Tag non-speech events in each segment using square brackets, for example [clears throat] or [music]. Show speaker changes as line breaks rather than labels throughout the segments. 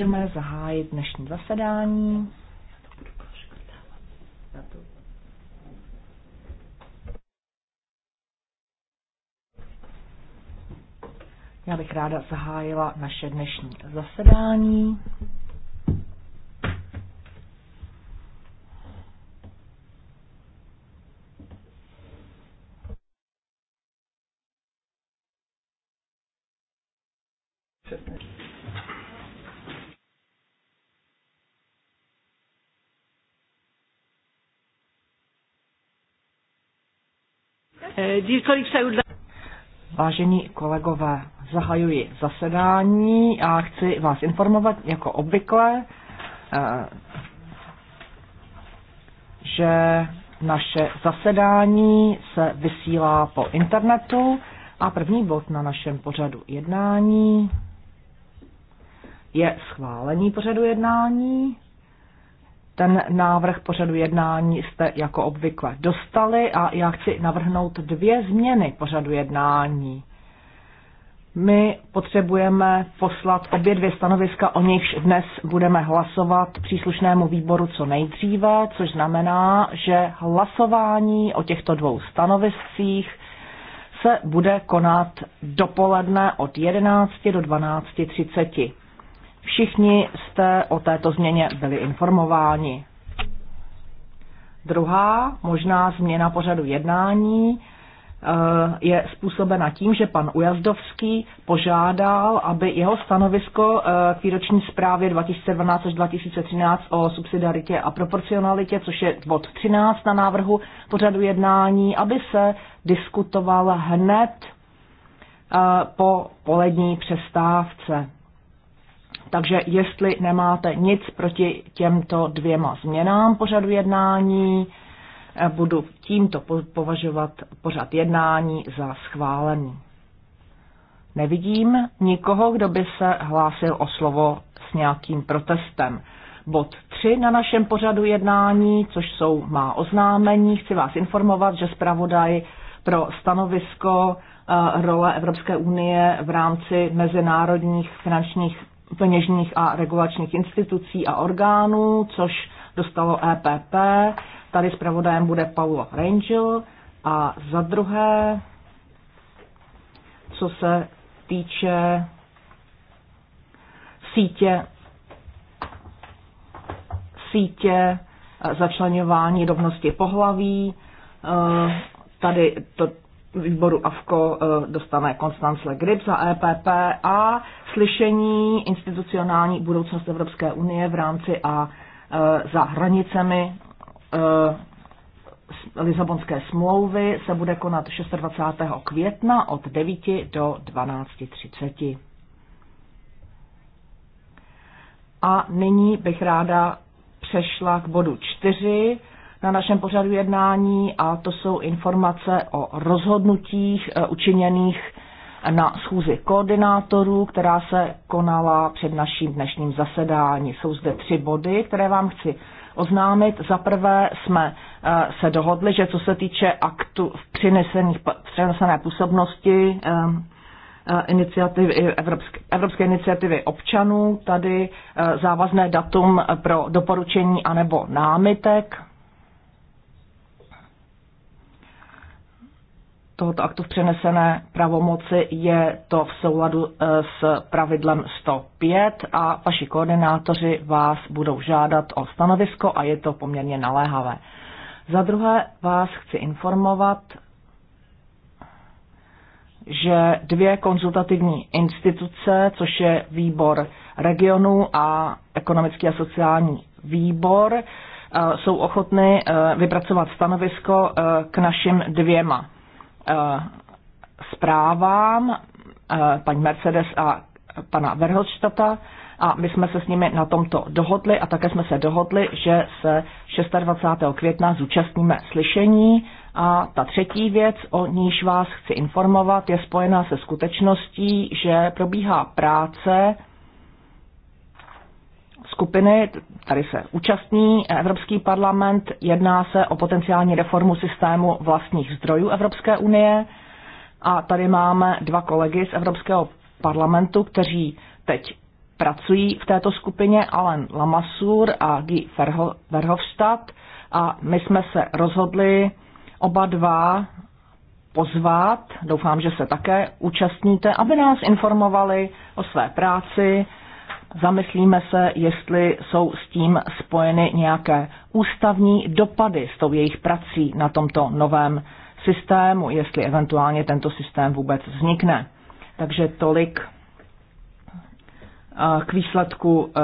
Můžeme
zahájit dnešní zasedání. Já bych ráda zahájila naše dnešní zasedání. Vážení kolegové, zahajuji zasedání a chci vás informovat jako obvykle, eh, že naše zasedání se vysílá po internetu a první bod na našem pořadu jednání je schválení pořadu jednání. Ten návrh pořadu jednání jste jako obvykle dostali a já chci navrhnout dvě změny pořadu jednání. My potřebujeme poslat obě dvě stanoviska, o nichž dnes budeme hlasovat příslušnému výboru co nejdříve, což znamená, že hlasování o těchto dvou stanoviscích se bude konat dopoledne od 11 do 12.30. Všichni jste o této změně byli informováni. Druhá možná změna pořadu jednání eh, je způsobena tím, že pan Ujazdovský požádal, aby jeho stanovisko eh, k výroční zprávě 2012 až 2013 o subsidiaritě a proporcionalitě, což je bod 13 na návrhu pořadu jednání, aby se diskutoval hned eh, po polední přestávce. Takže jestli nemáte nic proti těmto dvěma změnám pořadu jednání, eh, budu tímto považovat pořad jednání za schválený. Nevidím nikoho, kdo by se hlásil o slovo s nějakým protestem. Bod 3 na našem pořadu jednání, což jsou má oznámení, chci vás informovat, že zpravodaj pro stanovisko eh, role Evropské unie v rámci mezinárodních finančních peněžních a regulačních institucí a orgánů, což dostalo EPP. Tady zpravodajem bude Paulo Rangel. A za druhé, co se týče sítě, sítě eh, začlenování rovnosti pohlaví, eh, tady to výboru AFKO eh, dostane Konstancle Grip za EPP a slyšení institucionální budoucnost Evropské unie v rámci a eh, za hranicemi eh, Lisabonské smlouvy se bude konat 26. května od 9 do 12.30. A nyní bych ráda přešla k bodu 4 na našem pořadu jednání a to jsou informace o rozhodnutích eh, učiněných na schůzi koordinátorů, která se konala před naším dnešním zasedání. Jsou zde tři body, které vám chci oznámit. Za prvé jsme eh, se dohodli, že co se týče aktu v přenesené působnosti eh, iniciativy, Evropské, Evropské iniciativy občanů, tady závazné datum pro doporučení anebo námitek, tohoto aktu v přenesené pravomoci je to v souladu eh, s pravidlem 105 a vaši koordinátoři vás budou žádat o stanovisko a je to poměrně naléhavé. Za druhé vás chci informovat, že dvě konzultativní instituce, což je výbor regionu a ekonomický a sociální výbor, eh, jsou ochotny eh, vypracovat stanovisko k našim dvěma Eh, zprávám eh, paní Mercedes a pana Verhofstadta a my jsme se s nimi na tomto dohodli a také jsme se dohodli, že se 26. května zúčastníme slyšení a ta třetí věc, o níž vás chci informovat, je spojená se skutečností, že probíhá práce skupiny, tady se účastní Evropský parlament, jedná se o potenciální reformu systému vlastních zdrojů Evropské unie a tady máme dva kolegy z Evropského parlamentu, kteří teď pracují v této skupině, Alan Lamassur a Guy Verhofstadt a my jsme se rozhodli oba dva pozvat, doufám, že se také účastníte, aby nás informovali o své práci, zamyslíme se, jestli jsou s tím spojeny nějaké ústavní dopady s tou jejich prací na tomto novém systému, jestli eventuálně tento systém vůbec vznikne. Takže tolik eh, k výsledku eh,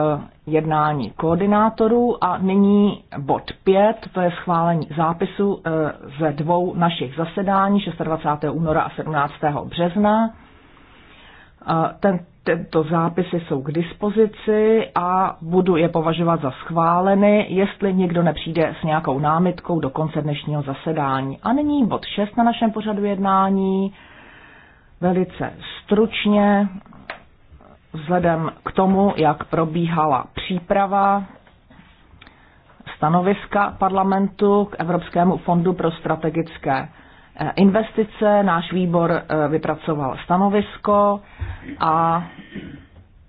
jednání koordinátorů a nyní bod 5, to je schválení zápisu eh, ze dvou našich zasedání 26. února a 17. března. Ten, tento zápisy jsou k dispozici a budu je považovat za schváleny, jestli někdo nepřijde s nějakou námitkou do konce dnešního zasedání. A nyní bod 6 na našem pořadu jednání. Velice stručně, vzhledem k tomu, jak probíhala příprava stanoviska parlamentu k Evropskému fondu pro strategické Eh, investice. Náš výbor eh, vypracoval stanovisko a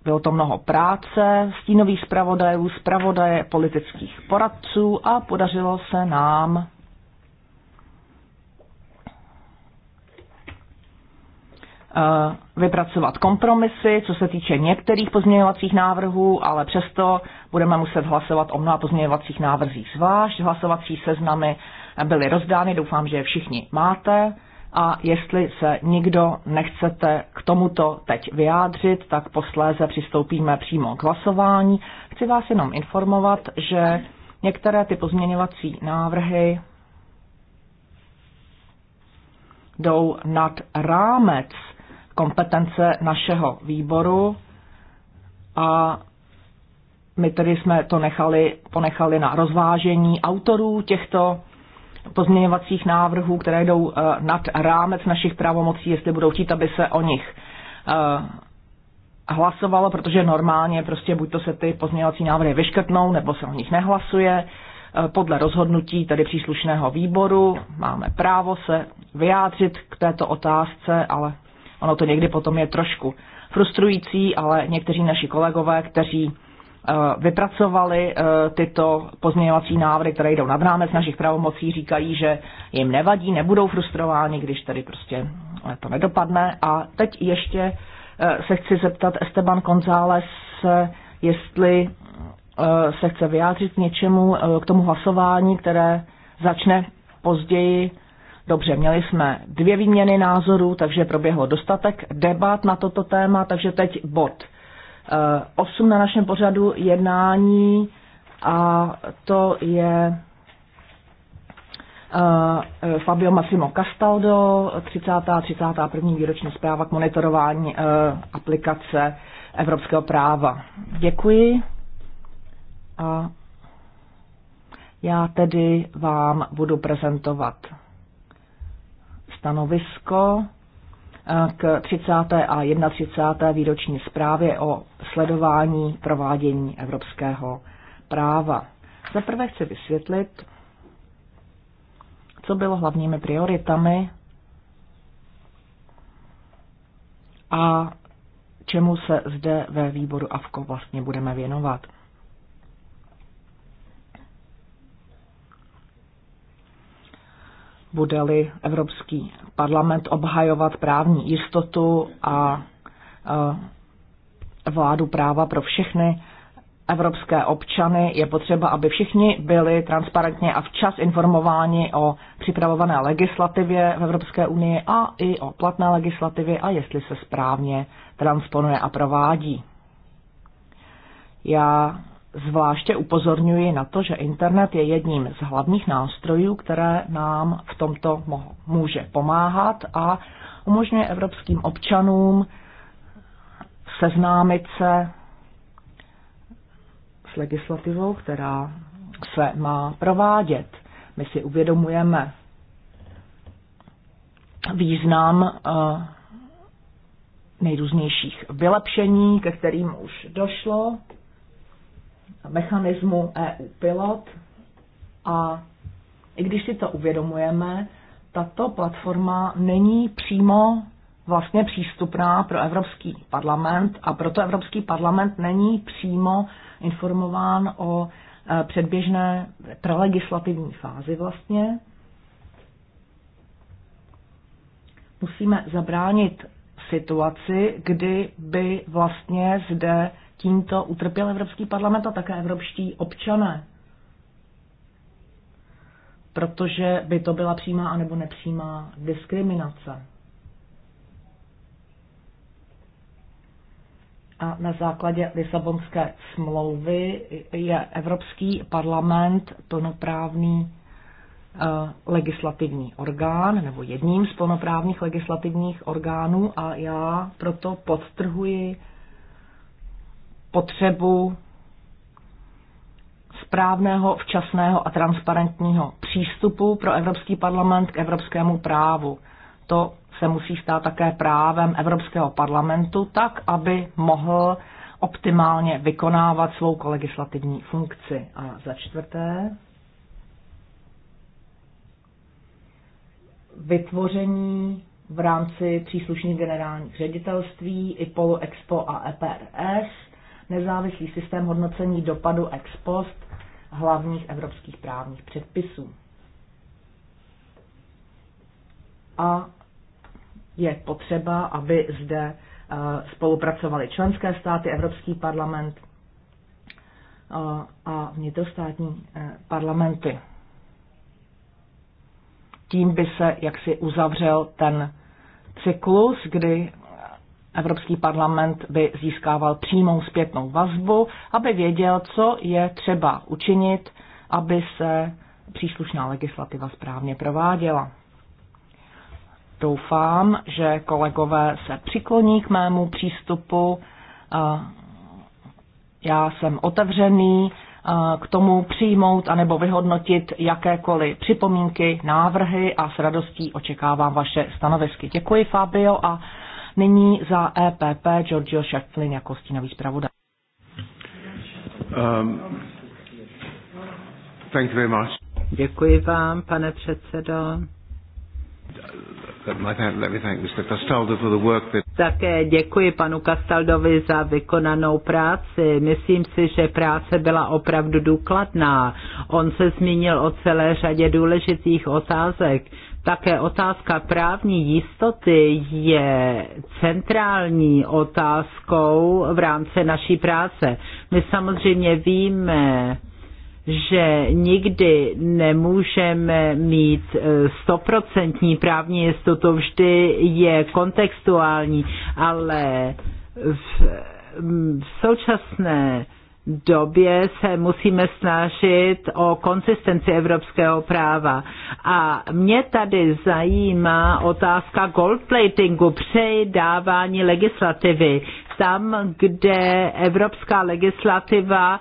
bylo to mnoho práce, stínových zpravodajů, zpravodaje politických poradců a podařilo se nám eh, vypracovat kompromisy, co se týče některých pozměňovacích návrhů, ale přesto budeme muset hlasovat o mnoha pozměňovacích návrzích zvlášť. Hlasovací seznamy byly rozdány, doufám, že je všichni máte. A jestli se nikdo nechcete k tomuto teď vyjádřit, tak posléze přistoupíme přímo k hlasování. Chci vás jenom informovat, že některé ty pozměňovací návrhy jdou nad rámec kompetence našeho výboru a my tedy jsme to nechali, ponechali na rozvážení autorů těchto pozměňovacích návrhů, které jdou eh, nad rámec našich pravomocí, jestli budou chtít, aby se o nich eh, hlasovalo, protože normálně prostě buď to se ty pozměňovací návrhy vyškrtnou, nebo se o nich nehlasuje. Eh, podle rozhodnutí tedy příslušného výboru máme právo se vyjádřit k této otázce, ale ono to někdy potom je trošku frustrující, ale někteří naši kolegové, kteří Eh, vypracovali eh, tyto pozměňovací návrhy, které jdou nad rámec našich pravomocí, říkají, že jim nevadí, nebudou frustrováni, když tady prostě eh, to nedopadne. A teď ještě se chci zeptat Esteban González, jestli se chce vyjádřit k něčemu, k tomu hlasování, které začne později. Dobře, měli jsme dvě výměny názorů, takže proběhlo dostatek debat na toto téma, takže teď bod 8 na našem pořadu jednání a to je eh, Fabio Massimo Castaldo, 30. 31. výroční zpráva k monitorování eh, aplikace evropského práva. Děkuji a já tedy vám budu prezentovat stanovisko k 30. a 31. výroční zprávě o sledování provádění evropského práva. Za prvé chci vysvětlit, co bylo hlavními prioritami a čemu se zde ve výboru AVKO vlastně budeme věnovat. bude-li Evropský parlament obhajovat právní jistotu a e, vládu práva pro všechny evropské občany, je potřeba, aby všichni byli transparentně a včas informováni o připravované legislativě v Evropské unii a i o platné legislativě a jestli se správně transponuje a provádí. Já Zvláště upozorňuji na to, že internet je jedním z hlavních nástrojů, které nám v tomto může pomáhat a umožňuje evropským občanům seznámit se s legislativou, která se má provádět. My si uvědomujeme význam eh, nejrůznějších vylepšení, ke kterým už došlo mechanismu EU Pilot a i když si to uvědomujeme, tato platforma není přímo vlastně přístupná pro Evropský parlament a proto Evropský parlament není přímo informován o e, předběžné prelegislativní fázi vlastně. Musíme zabránit situaci, kdy by vlastně zde tímto utrpěl Evropský parlament a také evropští občané. Protože by to byla přímá anebo nepřímá diskriminace. A na základě Lisabonské smlouvy je Evropský parlament plnoprávný eh, legislativní orgán nebo jedním z plnoprávných legislativních orgánů a já proto podtrhuji potřebu správného, včasného a transparentního přístupu pro Evropský parlament k evropskému právu. To se musí stát také právem Evropského parlamentu, tak aby mohl optimálně vykonávat svou kolegislativní funkci. A za čtvrté, vytvoření v rámci příslušných generálních ředitelství IPOLu, EXPO a EPRS nezávislý systém hodnocení dopadu ex post hlavních evropských právních předpisů. A je potřeba, aby zde eh, spolupracovali členské státy, Evropský parlament eh, a vnitrostátní eh, parlamenty. Tím by se jaksi uzavřel ten cyklus, kdy Evropský parlament by získával přímou zpětnou vazbu, aby věděl, co je třeba učinit, aby se příslušná legislativa správně prováděla. Doufám, že kolegové se přikloní k mému přístupu. Já jsem otevřený k tomu přijmout anebo vyhodnotit jakékoliv připomínky, návrhy a s radostí očekávám vaše stanovisky. Děkuji, Fabio, a Nyní za EPP Giorgio Schäfflin jako stínový zpravodaj.
Um, thank you very much.
Děkuji vám, pane předsedo. Také děkuji panu Castaldovi za vykonanou práci. Myslím si, že práce byla opravdu důkladná. On se zmínil o celé řadě důležitých otázek. Také otázka právní jistoty je centrální otázkou v rámci naší práce. My samozřejmě víme, že nikdy nemůžeme mít stoprocentní právní jistotu, vždy je kontextuální, ale v, v současné době se musíme snažit o konsistenci evropského práva. A mě tady zajímá otázka goldplatingu, předávání legislativy. Tam, kde evropská legislativa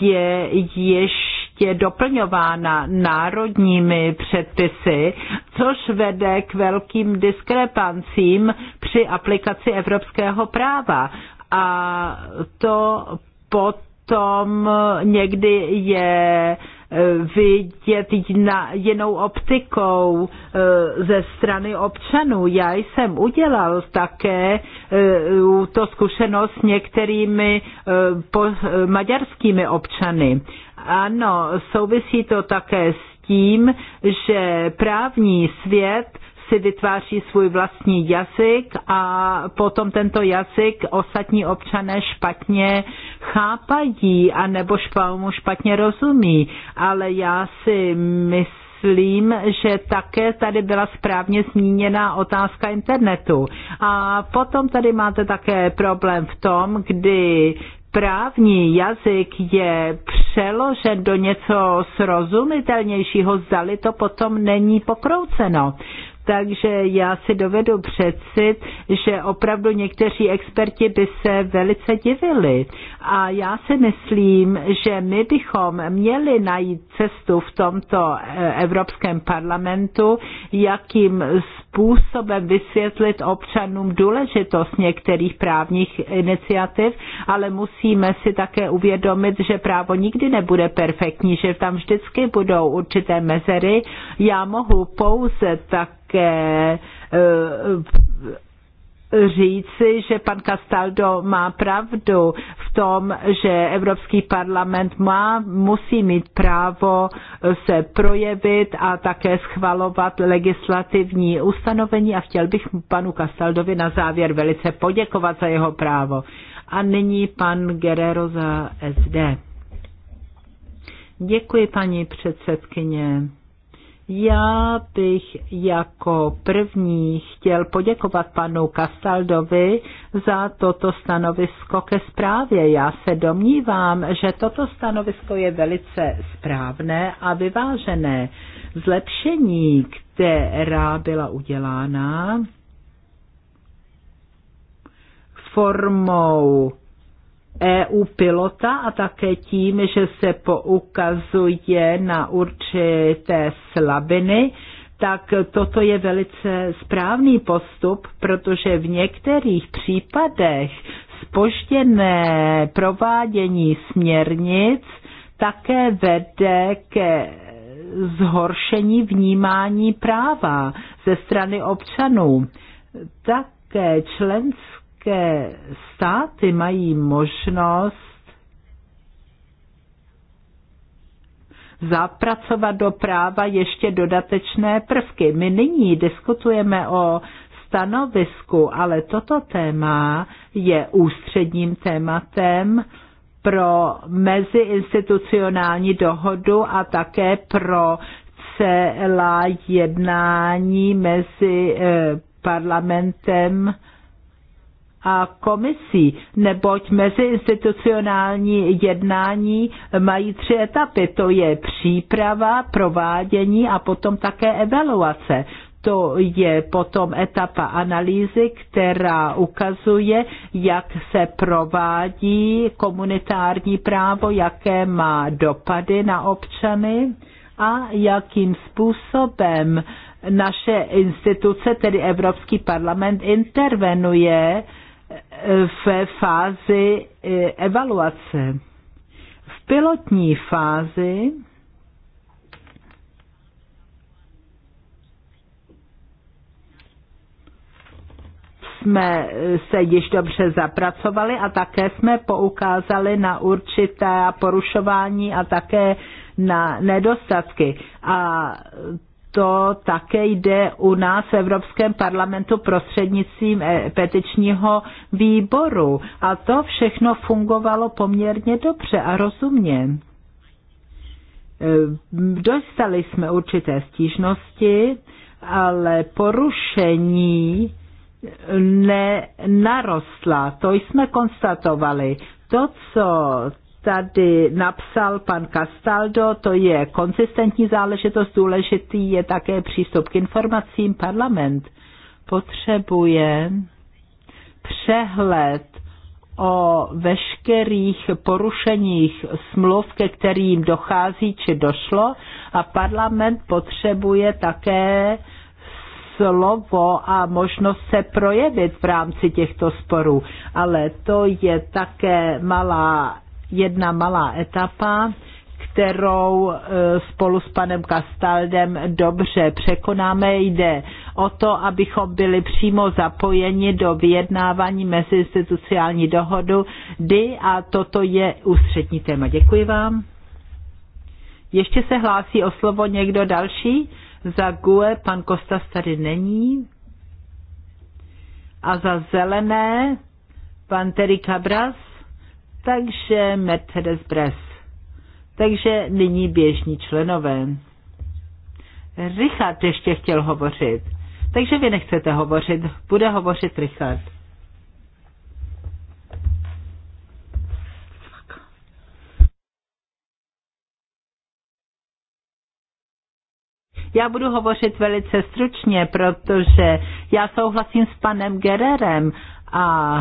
je ještě doplňována národními předpisy, což vede k velkým diskrepancím při aplikaci evropského práva. A to potom někdy je eh, vidět na, jinou optikou eh, ze strany občanů. Já jsem udělal také eh, to zkušenost s některými maďarskými občany. Ano, souvisí to také s tím, že právní svět si vytváří svůj vlastní jazyk a potom tento jazyk ostatní občané špatně chápají a nebo mu špatně rozumí. Ale já si myslím, myslím, že také tady byla správně zmíněna otázka internetu. A potom tady máte také problém v tom, kdy právní jazyk je přeložen do něco srozumitelnějšího, zdali to potom není pokrouceno. Takže já si dovedu přecit, že opravdu někteří experti by se velice divili. A já si myslím, že my bychom měli najít cestu v tomto e, Evropském parlamentu, jakým způsobem vysvětlit občanům důležitost některých právních iniciativ, ale musíme si také uvědomit, že právo nikdy nebude perfektní, že tam vždycky budou určité mezery. Já mohu pouze tak také eh, říci, že pan Castaldo má pravdu v tom, že Evropský parlament má, musí mít právo se projevit a také schvalovat legislativní ustanovení a chtěl bych panu Castaldovi na závěr velice poděkovat za jeho právo. A nyní pan Guerrero za SD. Děkuji, paní předsedkyně. Já bych jako první chtěl poděkovat panu Kastaldovi za toto stanovisko ke zprávě. Já se domnívám, že toto stanovisko je velice správné a vyvážené. Zlepšení, která byla udělána formou EU pilota a také tím, že se poukazuje na určité slabiny, tak toto je velice správný postup, protože v některých případech spožděné provádění směrnic také vede ke zhoršení vnímání práva ze strany občanů. Také členské členské státy mají možnost zapracovat do práva ještě dodatečné prvky. My nyní diskutujeme o stanovisku, ale toto téma je ústředním tématem pro meziinstitucionální dohodu a také pro celá jednání mezi eh, parlamentem a komisí, neboť institucionální jednání mají tři etapy. To je příprava, provádění a potom také evaluace. To je potom etapa analýzy, která ukazuje, jak se provádí komunitární právo, jaké má dopady na občany a jakým způsobem naše instituce, tedy Evropský parlament, intervenuje v fázi e, evaluace. V pilotní fázi jsme se již dobře zapracovali a také jsme poukázali na určité porušování a také na nedostatky. A to také jde u nás v Evropském parlamentu prostřednictvím eh, petičního výboru. A to všechno fungovalo poměrně dobře a rozumně. Eh, dostali jsme určité stížnosti, ale porušení nenarostla. To jsme konstatovali. To, co tady napsal pan Castaldo, to je konzistentní záležitost, důležitý je také přístup k informacím. Parlament potřebuje přehled o veškerých porušeních smluv, ke kterým dochází či došlo a parlament potřebuje také slovo a možnost se projevit v rámci těchto sporů. Ale to je také malá jedna malá etapa, kterou e, spolu s panem Kastaldem dobře překonáme. Jde o to, abychom byli přímo zapojeni do vyjednávání meziinstitucionální dohodu DY a toto je ústřední téma. Děkuji vám. Ještě se hlásí o slovo někdo další? Za GUE pan Kostas tady není. A za zelené pan Terry Cabras. Takže Mercedes Bres. Takže nyní běžní členové. Richard ještě chtěl hovořit. Takže vy nechcete hovořit, bude hovořit Richard. Já budu hovořit velice stručně, protože já souhlasím s panem Gererem a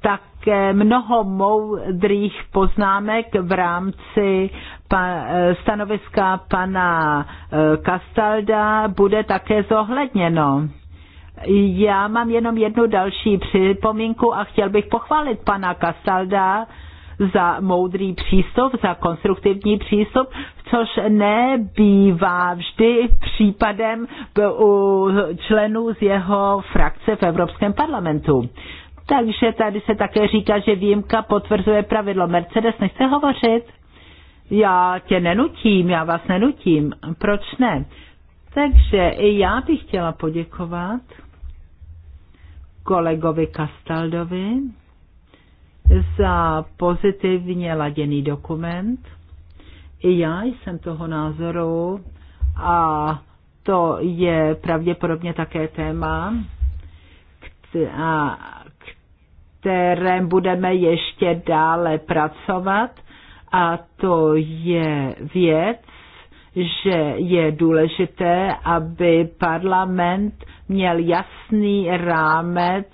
také mnoho moudrých poznámek v rámci stanoviska pana Kastalda eh, bude také zohledněno. Já mám jenom jednu další připomínku a chtěl bych pochválit pana Kastalda za moudrý přístup, za konstruktivní přístup, což nebývá vždy případem u členů z jeho frakce v Evropském parlamentu. Takže tady se také říká, že výjimka potvrzuje pravidlo. Mercedes, nechce hovořit? Já tě nenutím, já vás nenutím. Proč ne? Takže i já bych chtěla poděkovat kolegovi Kastaldovi za pozitivně laděný dokument. I já jsem toho názoru a to je pravděpodobně také téma, a kterém budeme ještě dále pracovat a to je věc, že je důležité, aby parlament měl jasný rámec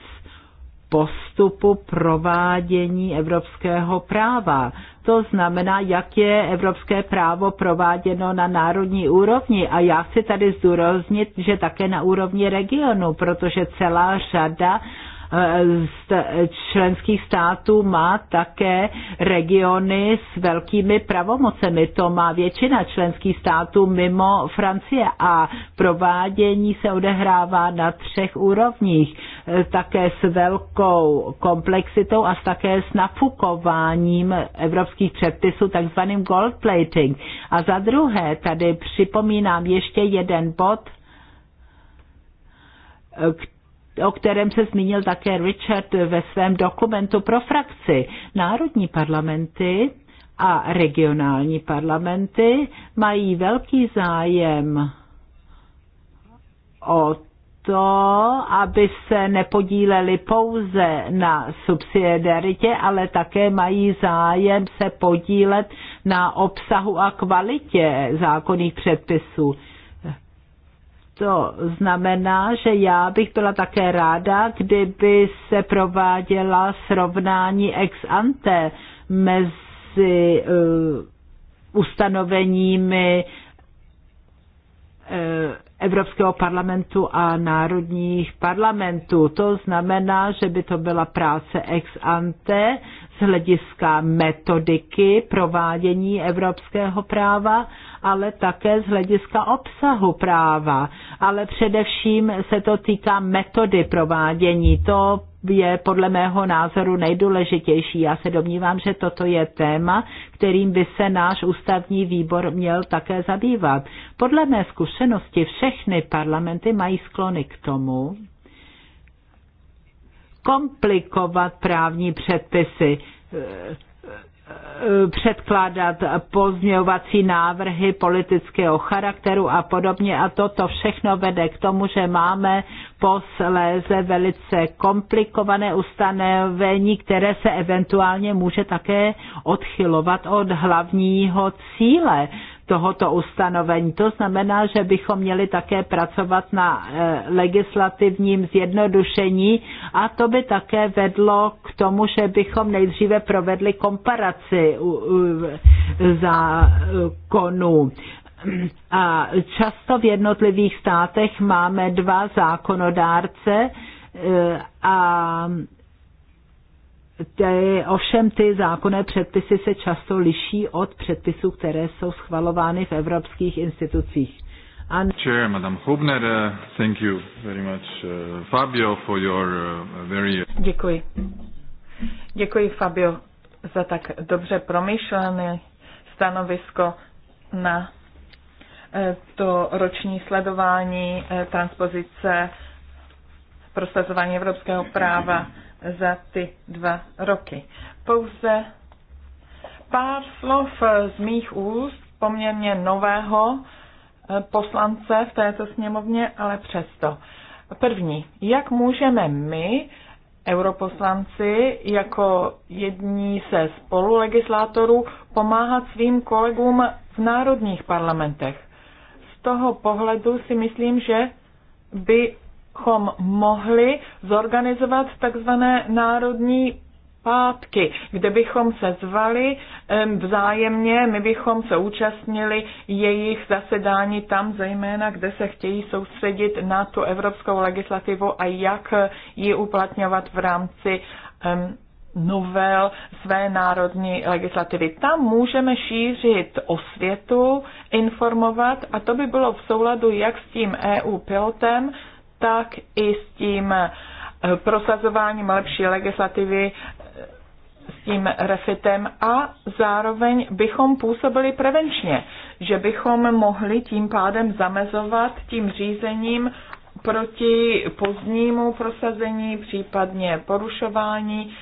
postupu provádění evropského práva. To znamená, jak je evropské právo prováděno na národní úrovni. A já chci tady zdůraznit, že také na úrovni regionu, protože celá řada Eh, členských států má také regiony s velkými pravomocemi. To má většina členských států mimo Francie a provádění se odehrává na třech úrovních. Eh, také s velkou komplexitou a také s nafukováním evropských předpisů, takzvaným gold plating. A za druhé, tady připomínám ještě jeden bod, který eh, o kterém se zmínil také Richard ve svém dokumentu pro frakci. Národní parlamenty a regionální parlamenty mají velký zájem o to, aby se nepodíleli pouze na subsidiaritě, ale také mají zájem se podílet na obsahu a kvalitě zákonných předpisů to znamená, že já bych byla také ráda, kdyby se prováděla srovnání ex ante mezi uh, ustanoveními uh, Evropského parlamentu a národních parlamentů. To znamená, že by to byla práce ex ante z hlediska metodiky provádění evropského práva, ale také z hlediska obsahu práva. Ale především se to týká metody provádění. To je podle mého názoru nejdůležitější. Já se domnívám, že toto je téma, kterým by se náš ústavní výbor měl také zabývat. Podle mé zkušenosti všechny parlamenty mají sklony k tomu, komplikovat právní předpisy Eh, předkládat pozměňovací návrhy politického charakteru a podobně. A toto všechno vede k tomu, že máme posléze velice komplikované ustanovení, které se eventuálně může také odchylovat od hlavního cíle tohoto ustanovení. To znamená, že bychom měli také pracovat na eh, legislativním zjednodušení a to by také vedlo k tomu, že bychom nejdříve provedli komparaci zákonů. A často v jednotlivých státech máme dva zákonodárce eh, a te, ovšem ty zákonné předpisy se často liší od předpisů, které jsou schvalovány v evropských institucích. And
Chair, Madam Hubner, uh, thank you very much, uh, Fabio, for your uh, very...
Děkuji. Děkuji, Fabio, za tak dobře promyšlené stanovisko na eh, to roční sledování eh, transpozice prosazování evropského práva za ty dva roky. Pouze pár slov eh, z mých úst, poměrně nového eh, poslance v této sněmovně, ale přesto. První, jak můžeme my, europoslanci, jako jední se spolulegislátorů, pomáhat svým kolegům v národních parlamentech? Z toho pohledu si myslím, že by bychom mohli zorganizovat takzvané národní pátky, kde bychom se zvali vzájemně, my bychom se účastnili jejich zasedání tam zejména, kde se chtějí soustředit na tu evropskou legislativu a jak ji uplatňovat v rámci novel své národní legislativy. Tam můžeme šířit osvětu, informovat a to by bylo v souladu jak s tím EU pilotem, tak i s tím eh, prosazováním lepší legislativy eh, s tím refitem a zároveň bychom působili prevenčně, že bychom mohli tím pádem zamezovat tím řízením proti pozdnímu prosazení, případně porušování,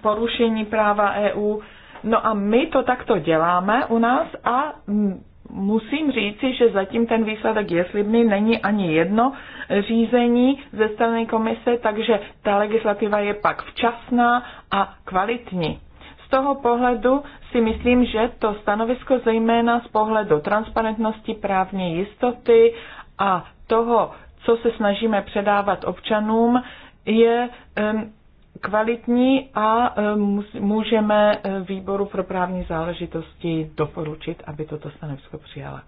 porušení práva EU. No a my to takto děláme u nás a musím říci, že zatím ten výsledek je slibný, není ani jedno řízení ze strany komise, takže ta legislativa je pak včasná a kvalitní. Z toho pohledu si myslím, že to stanovisko zejména z pohledu transparentnosti, právní jistoty a toho, co se snažíme předávat občanům, je um, kvalitní a e, můžeme e, výboru pro právní záležitosti doporučit, aby toto stanovisko přijala.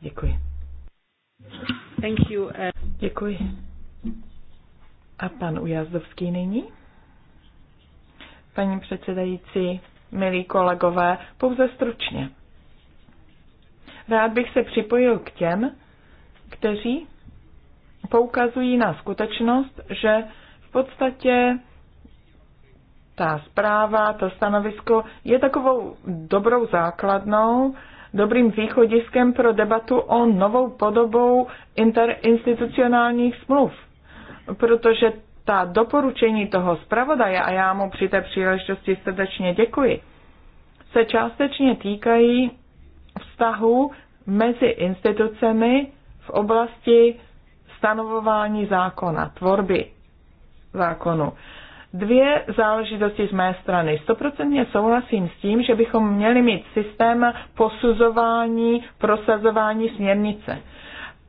Děkuji. Thank you. Uh, Děkuji. A pan Ujazdovský nyní? Paní předsedající, milí kolegové, pouze stručně. Rád bych se připojil k těm, kteří poukazují na skutečnost, že v podstatě ta zpráva, to stanovisko je takovou dobrou základnou, dobrým východiskem pro debatu o novou podobou interinstitucionálních smluv. Protože ta doporučení toho zpravodaje, a já mu při té příležitosti srdečně děkuji, se částečně týkají vztahu mezi institucemi v oblasti stanovování zákona, tvorby zákonu. Dvě záležitosti z mé strany. Stoprocentně souhlasím s tím, že bychom měli mít systém posuzování, prosazování směrnice.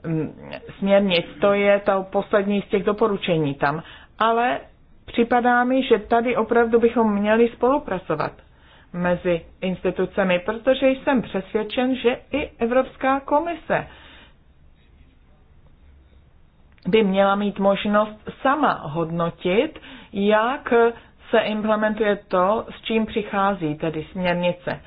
Mm, směrnic, to je ta poslední z těch doporučení tam. Ale připadá mi, že tady opravdu bychom měli spolupracovat mezi institucemi, protože jsem přesvědčen, že i Evropská komise by měla mít možnost sama hodnotit jak se implementuje to, s čím přichází tedy směrnice.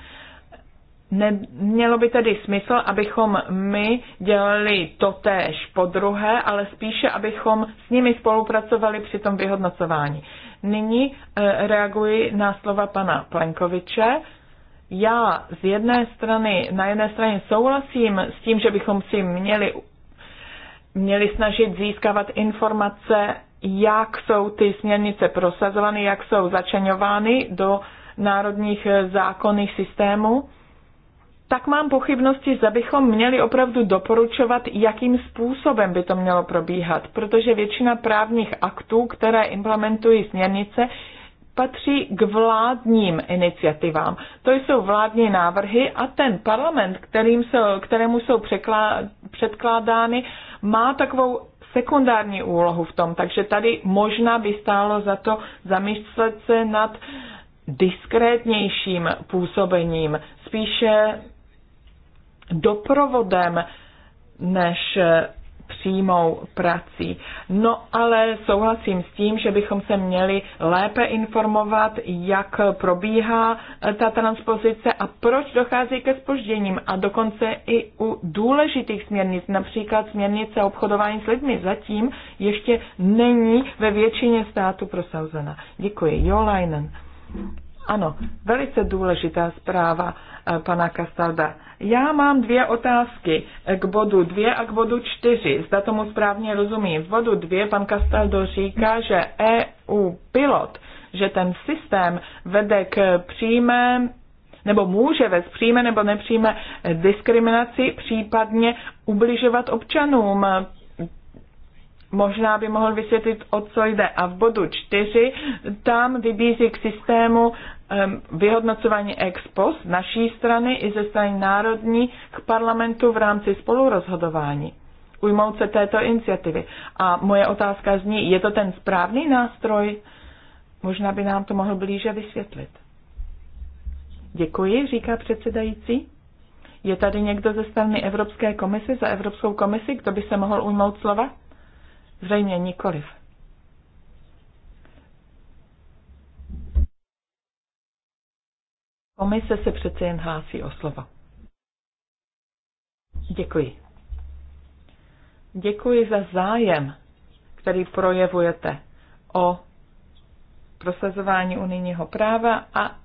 Nemělo by tedy smysl, abychom my dělali též po druhé, ale spíše, abychom s nimi spolupracovali při tom vyhodnocování. Nyní eh, reaguji na slova pana Plenkoviče. Já z jedné strany, na jedné straně souhlasím s tím, že bychom si měli, měli snažit získávat informace jak jsou ty směrnice prosazovány, jak jsou začaňovány do národních zákonných systémů, tak mám pochybnosti, že bychom měli opravdu doporučovat, jakým způsobem by to mělo probíhat, protože většina právních aktů, které implementují směrnice, patří k vládním iniciativám. To jsou vládní návrhy a ten parlament, kterým jsou, kterému jsou překlá, předkládány, má takovou sekundární úlohu v tom, takže tady možná by stálo za to zamyslet se nad diskrétnějším působením, spíše doprovodem než přímou prací. No ale souhlasím s tím, že bychom se měli lépe informovat, jak probíhá e, ta transpozice a proč dochází ke spožděním a dokonce i u důležitých směrnic, například směrnice obchodování s lidmi, zatím ještě není ve většině států prosazena. Děkuji. Jo, Leinen. Ano, velice důležitá zpráva eh, pana Kastalda. Já mám dvě otázky k bodu dvě a k bodu čtyři. Zda tomu správně rozumím. V bodu dvě pan Castaldo říká, že EU pilot, že ten systém vede k přímé nebo může vést přímé nebo nepřímé diskriminaci, případně ubližovat občanům, možná by mohl vysvětlit, o co jde. A v bodu čtyři tam vybízí k systému Ehm, vyhodnocování ex post naší strany i ze strany národní k parlamentu v rámci spolurozhodování ujmout se této iniciativy. A moje otázka zní, je to ten správný nástroj? Možná by nám to mohl blíže vysvětlit. Děkuji, říká předsedající. Je tady někdo ze strany Evropské komise za Evropskou komisi, kdo by se mohl ujmout slova? Zřejmě nikoliv. Komise se přece jen hlásí o slovo. Děkuji. Děkuji za zájem, který projevujete o prosazování unijního práva a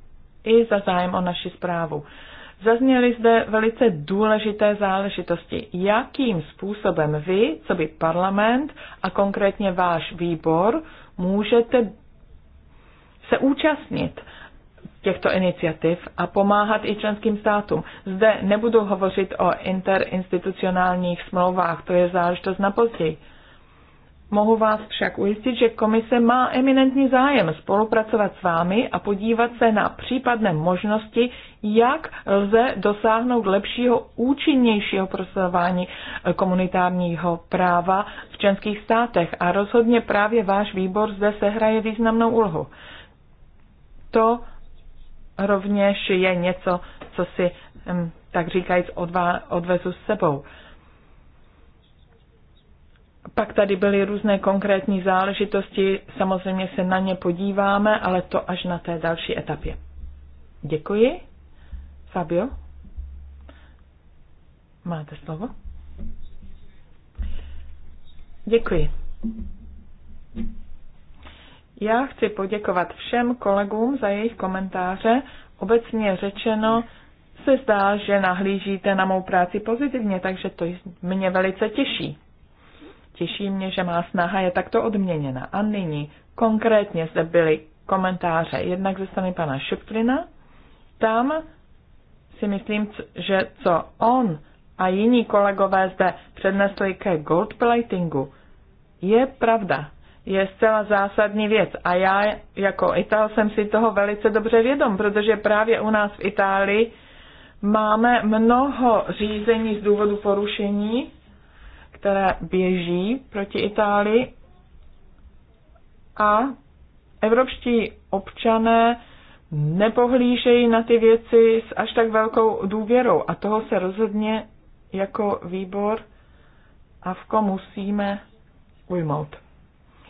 i za zájem o naši zprávu. Zazněly zde velice důležité záležitosti. Jakým způsobem vy, co by parlament a konkrétně váš výbor, můžete se účastnit těchto iniciativ a pomáhat i členským státům. Zde nebudu hovořit o interinstitucionálních smlouvách, to je záležitost na později. Mohu vás však ujistit, že komise má eminentní zájem spolupracovat s vámi a podívat se na případné možnosti, jak lze dosáhnout lepšího, účinnějšího prosazování eh, komunitárního práva v členských státech a rozhodně právě váš výbor zde sehraje významnou úlohu. To rovněž je něco, co si tak říkajíc odvá, odvezu s sebou. Pak tady byly různé konkrétní záležitosti, samozřejmě se na ně podíváme, ale to až na té další etapě. Děkuji. Fabio, máte slovo? Děkuji. Já chci poděkovat všem kolegům za jejich komentáře. Obecně řečeno se zdá, že nahlížíte na mou práci pozitivně, takže to mě velice těší. Těší mě, že má snaha je takto odměněna. A nyní konkrétně zde byly komentáře jednak ze strany pana Šeplina. Tam si myslím, že co on a jiní kolegové zde přednesli ke goldplatingu, je pravda je zcela zásadní věc. A já jako Ital jsem si toho velice dobře vědom, protože právě u nás v Itálii máme mnoho řízení z důvodu porušení, které běží proti Itálii a evropští občané nepohlížejí na ty věci s až tak velkou důvěrou a toho se rozhodně jako výbor AVKO musíme ujmout.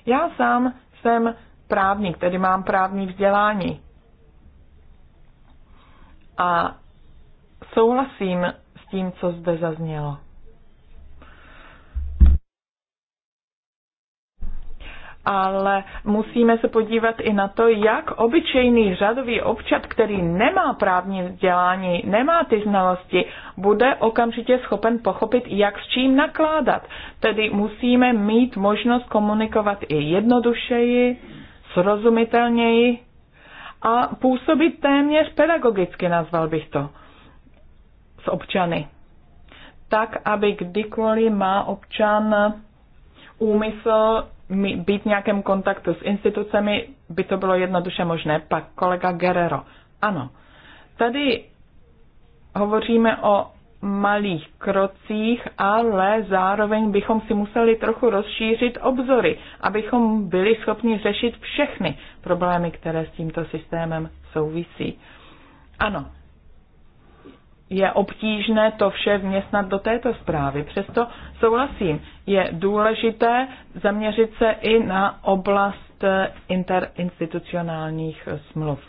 Já sám jsem právník, tedy mám právní vzdělání. A souhlasím s tím, co zde zaznělo. ale musíme se podívat i na to, jak obyčejný řadový občat, který nemá právní vzdělání, nemá ty znalosti, bude okamžitě schopen pochopit, jak s čím nakládat. Tedy musíme mít možnost komunikovat i jednodušeji, srozumitelněji a působit téměř pedagogicky, nazval bych to, s občany. Tak, aby kdykoliv má občan úmysl být v nějakém kontaktu s institucemi, by to bylo jednoduše možné. Pak kolega Guerrero. Ano, tady hovoříme o malých krocích, ale zároveň bychom si museli trochu rozšířit obzory, abychom byli schopni řešit všechny problémy, které s tímto systémem souvisí. Ano, je obtížné to vše vměstnat do této zprávy. Přesto souhlasím, je důležité zaměřit se i na oblast eh, interinstitucionálních eh, smluv.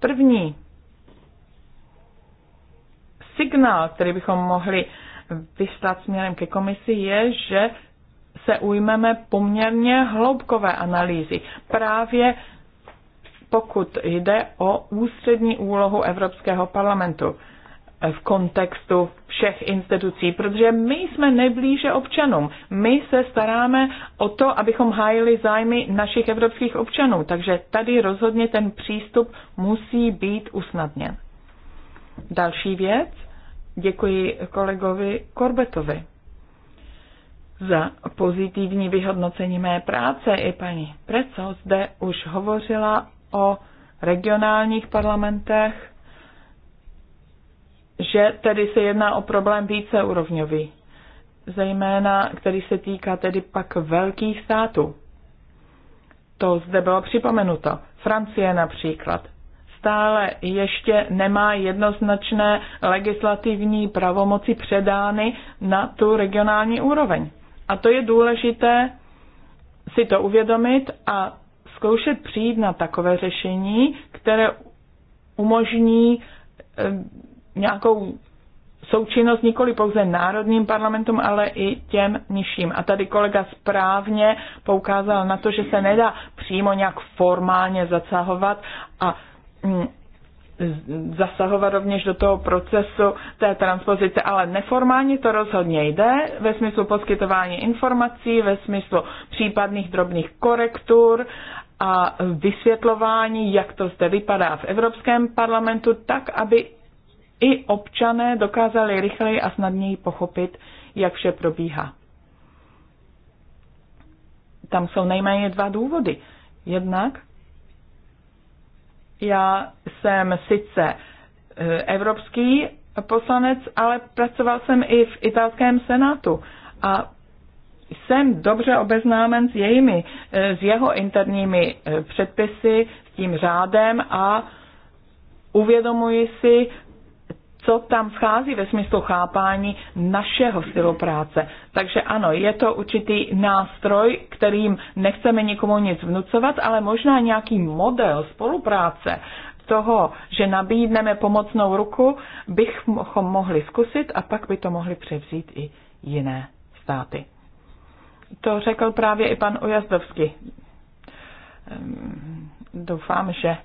První signál, který bychom mohli vyslat směrem ke komisi, je, že se ujmeme poměrně hloubkové analýzy. Právě pokud jde o ústřední úlohu Evropského parlamentu v kontextu všech institucí, protože my jsme nejblíže občanům. My se staráme o to, abychom hájili zájmy našich evropských občanů, takže tady rozhodně ten přístup musí být usnadněn. Další věc, děkuji kolegovi Korbetovi za pozitivní vyhodnocení mé práce. I paní Preco zde už hovořila o regionálních parlamentech že tedy se jedná o problém víceúrovňový, zejména který se týká tedy pak velkých států. To zde bylo připomenuto. Francie například stále ještě nemá jednoznačné legislativní pravomoci předány na tu regionální úroveň. A to je důležité si to uvědomit a zkoušet přijít na takové řešení, které umožní eh, nějakou součinnost nikoli pouze národním parlamentům, ale i těm nižším. A tady kolega správně poukázal na to, že se nedá přímo nějak formálně zasahovat a mm, zasahovat rovněž do toho procesu té transpozice, ale neformálně to rozhodně jde ve smyslu poskytování informací, ve smyslu případných drobných korektur a vysvětlování, jak to zde vypadá v Evropském parlamentu, tak, aby i občané dokázali rychleji a snadněji pochopit, jak vše probíhá. Tam jsou nejméně dva důvody. Jednak já jsem sice eh, evropský poslanec, ale pracoval jsem i v italském senátu a jsem dobře obeznámen s jejimi, eh, s jeho interními eh, předpisy, s tím řádem a uvědomuji si co tam schází ve smyslu chápání našeho stylu práce. Takže ano, je to určitý nástroj, kterým nechceme nikomu nic vnucovat, ale možná nějaký model spolupráce toho, že nabídneme pomocnou ruku, bychom mohli zkusit a pak by to mohli převzít i jiné státy. To řekl právě i pan Ujazdovský. Ehm, doufám, že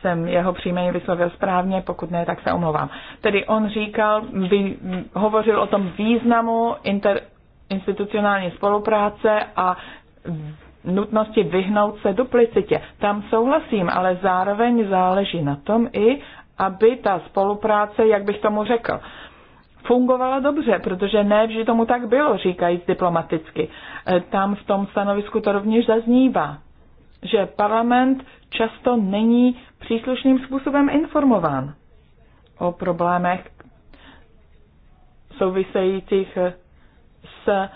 jsem jeho příjmení vyslovil správně, pokud ne, tak se omlouvám. Tedy on říkal, vy, hovořil o tom významu interinstitucionální spolupráce a nutnosti vyhnout se duplicitě. Tam souhlasím, ale zároveň záleží na tom i, aby ta spolupráce, jak bych tomu řekl, fungovala dobře, protože ne vždy tomu tak bylo, říkají diplomaticky. E, tam v tom stanovisku to rovněž zaznívá, že parlament často není příslušným způsobem informován o problémech souvisejících s eh,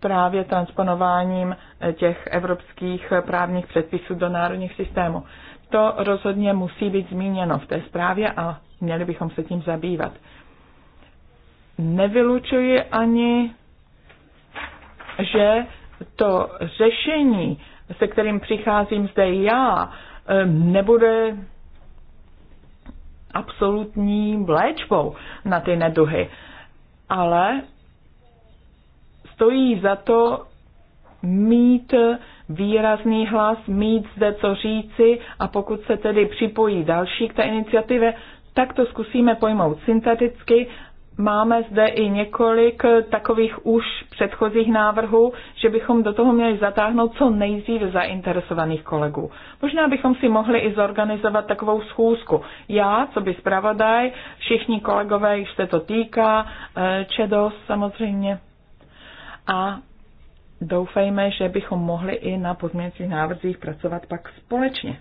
právě transponováním eh, těch evropských eh, právních předpisů do národních systémů. To rozhodně musí být zmíněno v té zprávě a měli bychom se tím zabývat. Nevylučuji ani, že to řešení, se kterým přicházím zde já, nebude absolutní léčbou na ty neduhy. Ale stojí za to mít výrazný hlas, mít zde co říci a pokud se tedy připojí další k té iniciativě, tak to zkusíme pojmout synteticky máme zde i několik takových už předchozích návrhů, že bychom do toho měli zatáhnout co nejdříve zainteresovaných kolegů. Možná bychom si mohli i zorganizovat takovou schůzku. Já, co by zpravodaj, všichni kolegové, již se to týká, eh, Čedos samozřejmě. A doufejme, že bychom mohli i na pozměňovacích návrzích pracovat pak společně.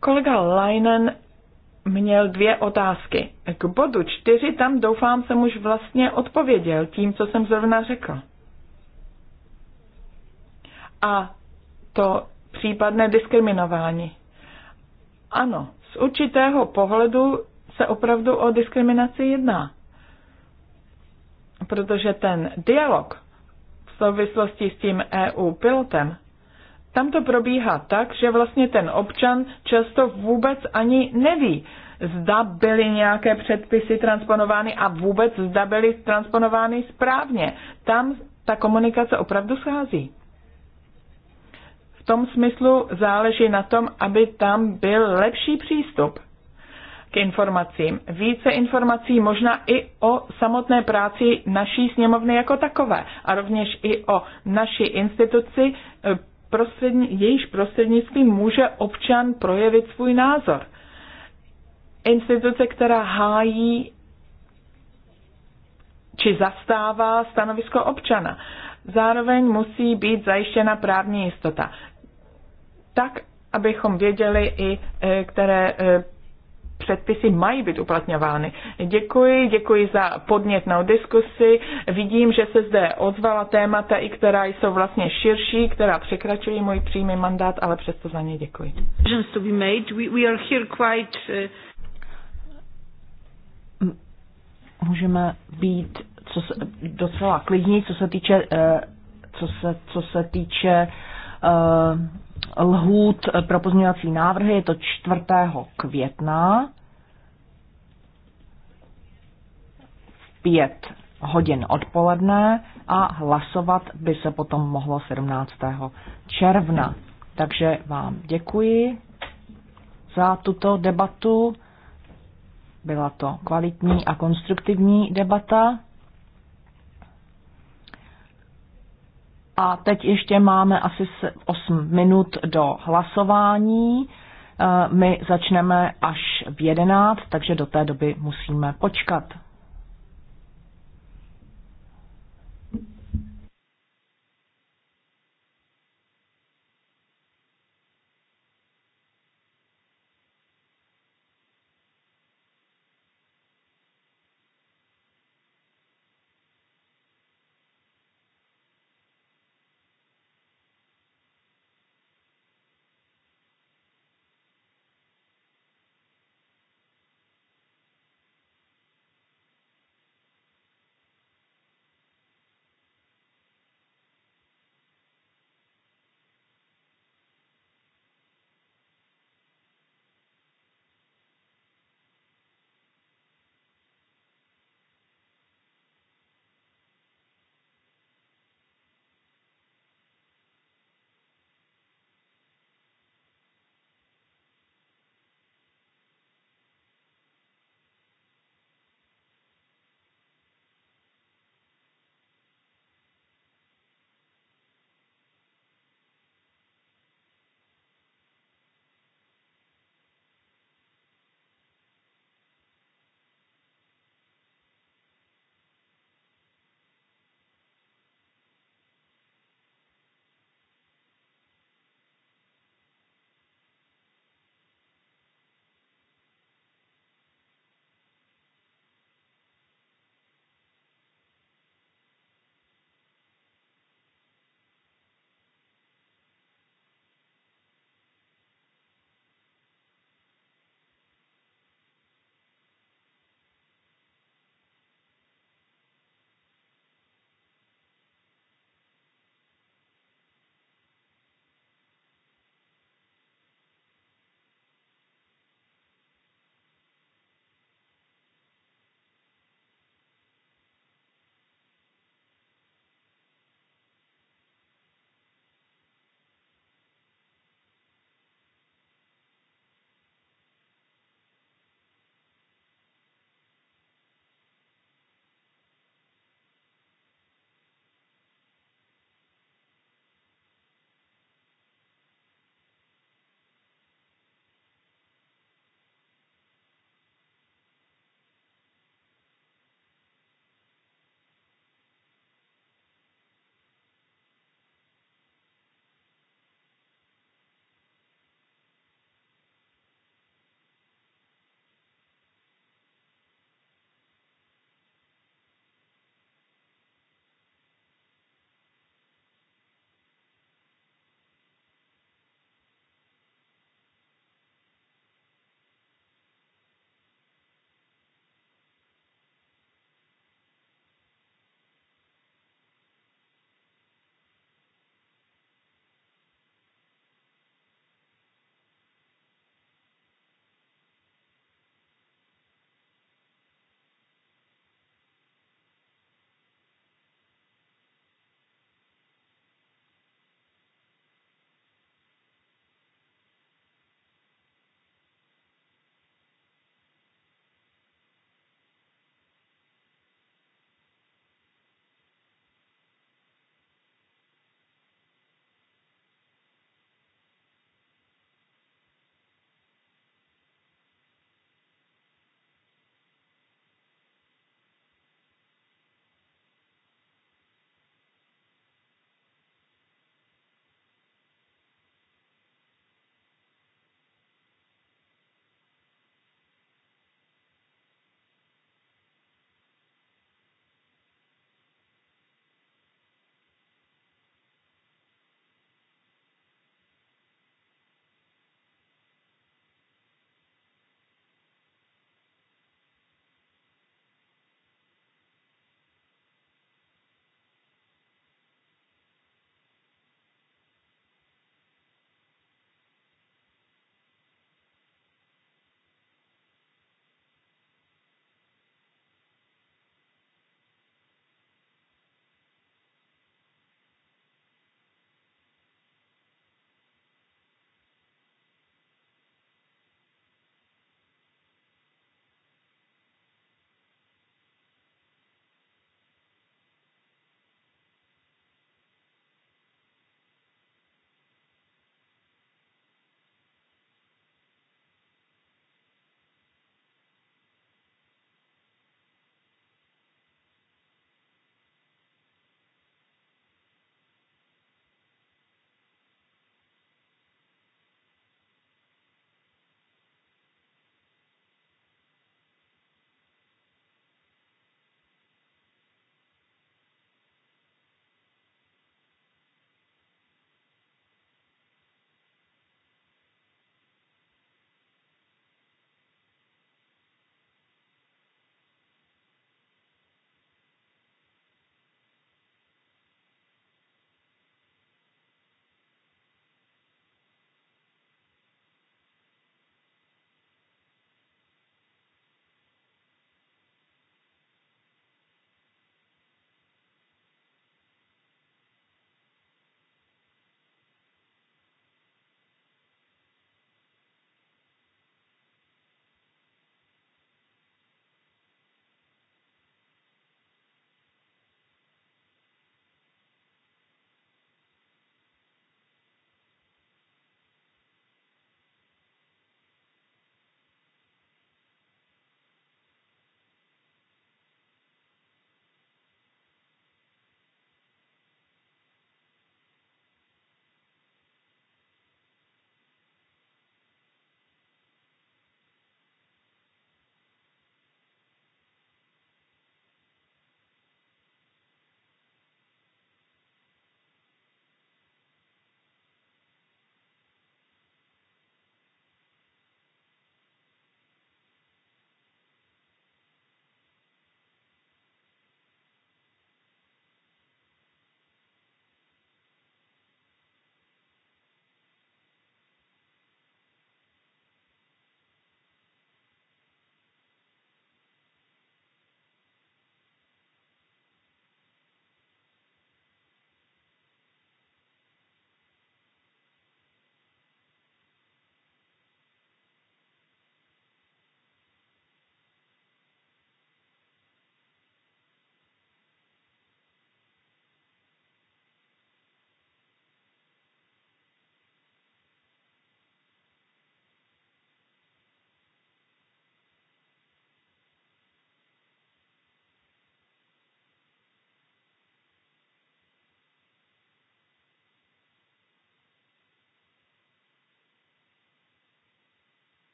Kolega Leinen měl dvě otázky. K bodu čtyři tam doufám jsem už vlastně odpověděl tím, co jsem zrovna řekl. A to případné diskriminování. Ano, z určitého pohledu se opravdu o diskriminaci jedná. Protože ten dialog v souvislosti s tím EU pilotem tam to probíhá tak, že vlastně ten občan často vůbec ani neví, zda byly nějaké předpisy transponovány a vůbec zda byly transponovány správně. Tam ta komunikace opravdu schází. V tom smyslu záleží na tom, aby tam byl lepší přístup k informacím. Více informací možná i o samotné práci naší sněmovny jako takové a rovněž i o naší instituci eh, prostřední, jejíž prostřednictvím může občan projevit svůj názor. Instituce, která hájí či zastává stanovisko občana. Zároveň musí být zajištěna právní jistota. Tak, abychom věděli i, e, které e, předpisy mají být uplatňovány. Děkuji, děkuji za podnětnou diskusi. Vidím, že se zde ozvala témata, i která jsou vlastně širší, která překračují můj přímý mandát, ale přesto za ně děkuji.
Eh, můžeme být co se, docela klidní, co se týče, eh, co se, co se týče uh, lhůt eh, pro pozměňovací návrhy, je to 4. května v 5 hodin odpoledne a hlasovat by se potom mohlo 17. června. Takže vám děkuji za tuto debatu. Byla to kvalitní a konstruktivní debata. A teď ještě máme asi 8 minut do hlasování. Eh, my začneme až v 11, takže do té doby musíme počkat.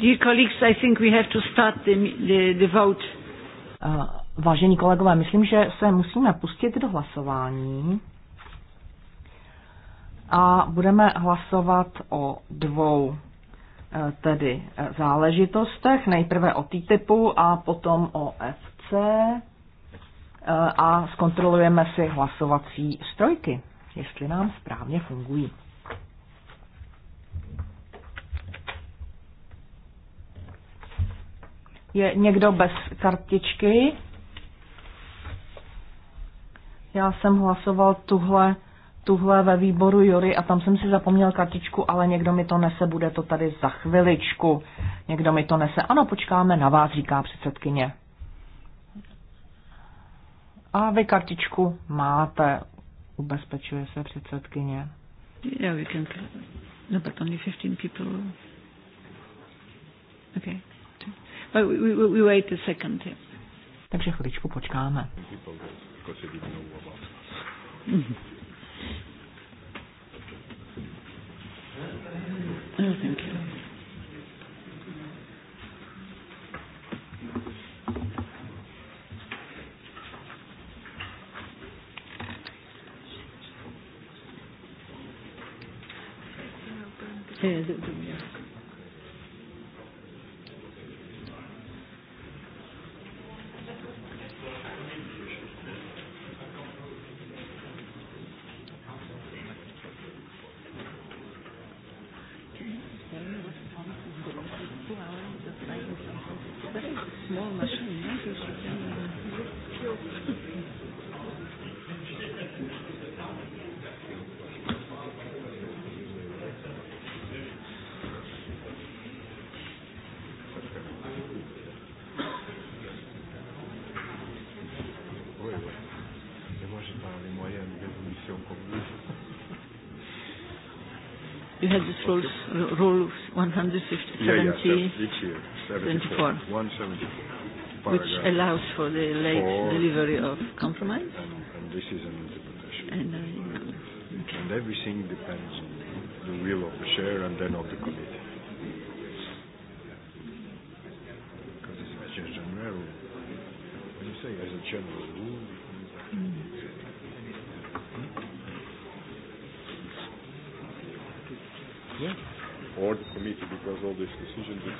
Dear colleagues, I think we have to start the, the, the vote. Uh, vážení kolegové, myslím, že se musíme pustit do hlasování a budeme hlasovat o dvou eh, tedy eh, záležitostech. Nejprve o TTIPu a potom o FC a zkontrolujeme si hlasovací strojky, jestli nám správně fungují. je někdo bez kartičky. Já jsem hlasoval tuhle, tuhle ve výboru Jory a tam jsem si zapomněl kartičku, ale někdo mi to nese, bude to tady za chviličku. Někdo mi to nese. Ano, počkáme na vás, říká předsedkyně. A vy kartičku máte, ubezpečuje se předsedkyně. Yeah, we can... No, but only 15 people.
Okay. We, we, we wait a second. Takže chvíličku počkáme.
Oh, yeah, Yeah,
You had this rule, rule 170, yeah,
yeah, 74, 174, which allows
for the late four. delivery of compromise. And,
and this is an interpretation. And, uh, okay. and everything depends on the will of the chair and then of the committee.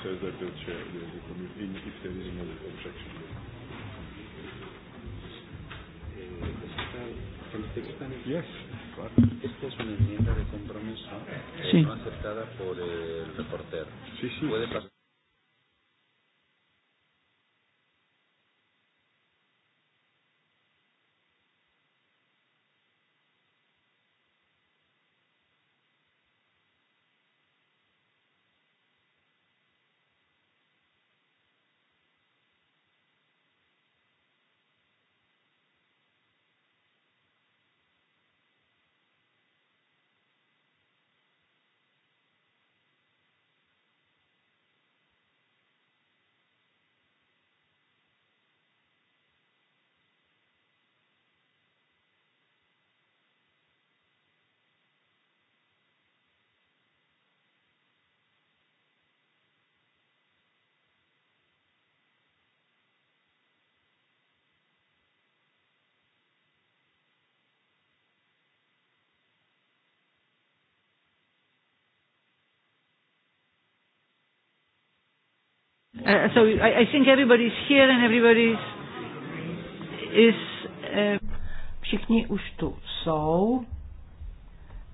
says that the chair, the, the committee, if there is no objection. Yes. Esta es una enmienda de compromiso sí. no aceptada por el reportero. Sí, sí. Puede pasar.
Uh, so I, I think everybody's here and everybody's is.
Uh... Všichni už tu jsou,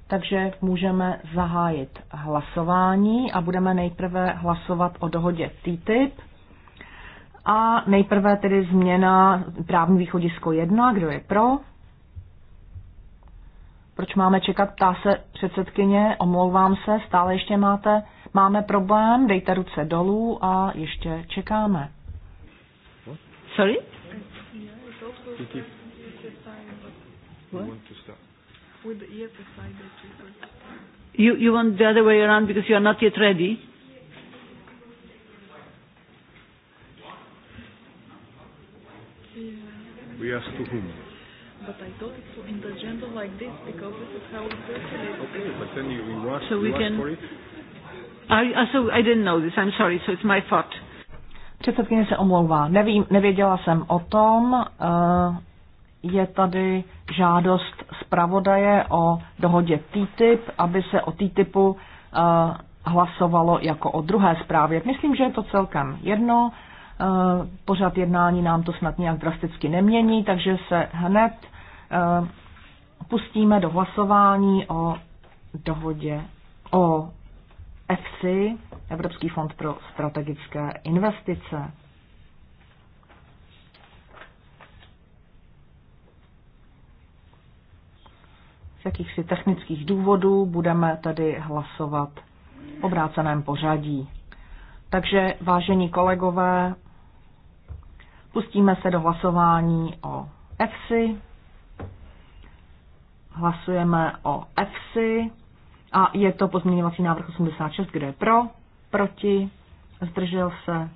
takže můžeme zahájit hlasování a budeme nejprve hlasovat o dohodě TTIP. A nejprve tedy změna právní východisko 1, kdo je pro? Proč máme čekat, ptá se předsedkyně, omlouvám se, stále ještě máte Máme problém, dejte ruce dolů a ještě čekáme. Sorry?
You, you want the other way around because you are not yet ready?
We ask to whom? But I thought it's in the agenda like this because this is how it works. Okay, but
then you, you ask, so you we ask can, for it so I didn't know this, I'm sorry, so it's my
fault. Předsedkyně se omlouvá. Nevím, nevěděla jsem o tom. Eh, je tady žádost zpravodaje o dohodě TTIP, aby se o TTIPu eh, hlasovalo jako o druhé zprávě. Myslím, že je to celkem jedno. Eh, Pořád jednání nám to snad nějak drasticky nemění, takže se hned pustíme do hlasování o dohodě o EFSI, Evropský fond pro strategické investice. Z jakýchsi technických důvodů budeme tedy hlasovat v obráceném pořadí. Takže, vážení kolegové, pustíme se do hlasování o EFSI. Hlasujeme o EFSI a je to pozměňovací návrh 86, kde je pro, proti, zdržel se.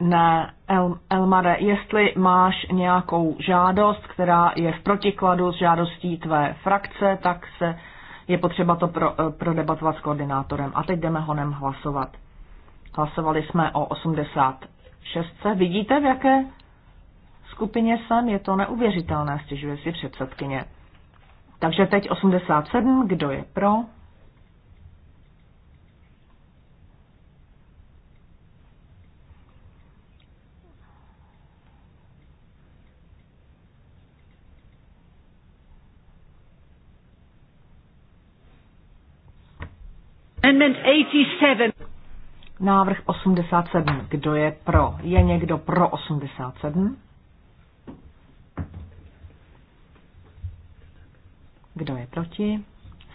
Ne, El, Elmare, jestli máš nějakou žádost, která je v protikladu s žádostí tvé frakce, tak se je potřeba to pro, eh, prodebatovat s koordinátorem. A teď jdeme honem hlasovat. Hlasovali jsme o 86. Vidíte, v jaké skupině SEM je to neuvěřitelné, stěžuje si předsedkyně. Takže teď 87, kdo je pro? Amendment 87. Návrh 87. Kdo je pro? Je někdo pro 87? Kdo je proti?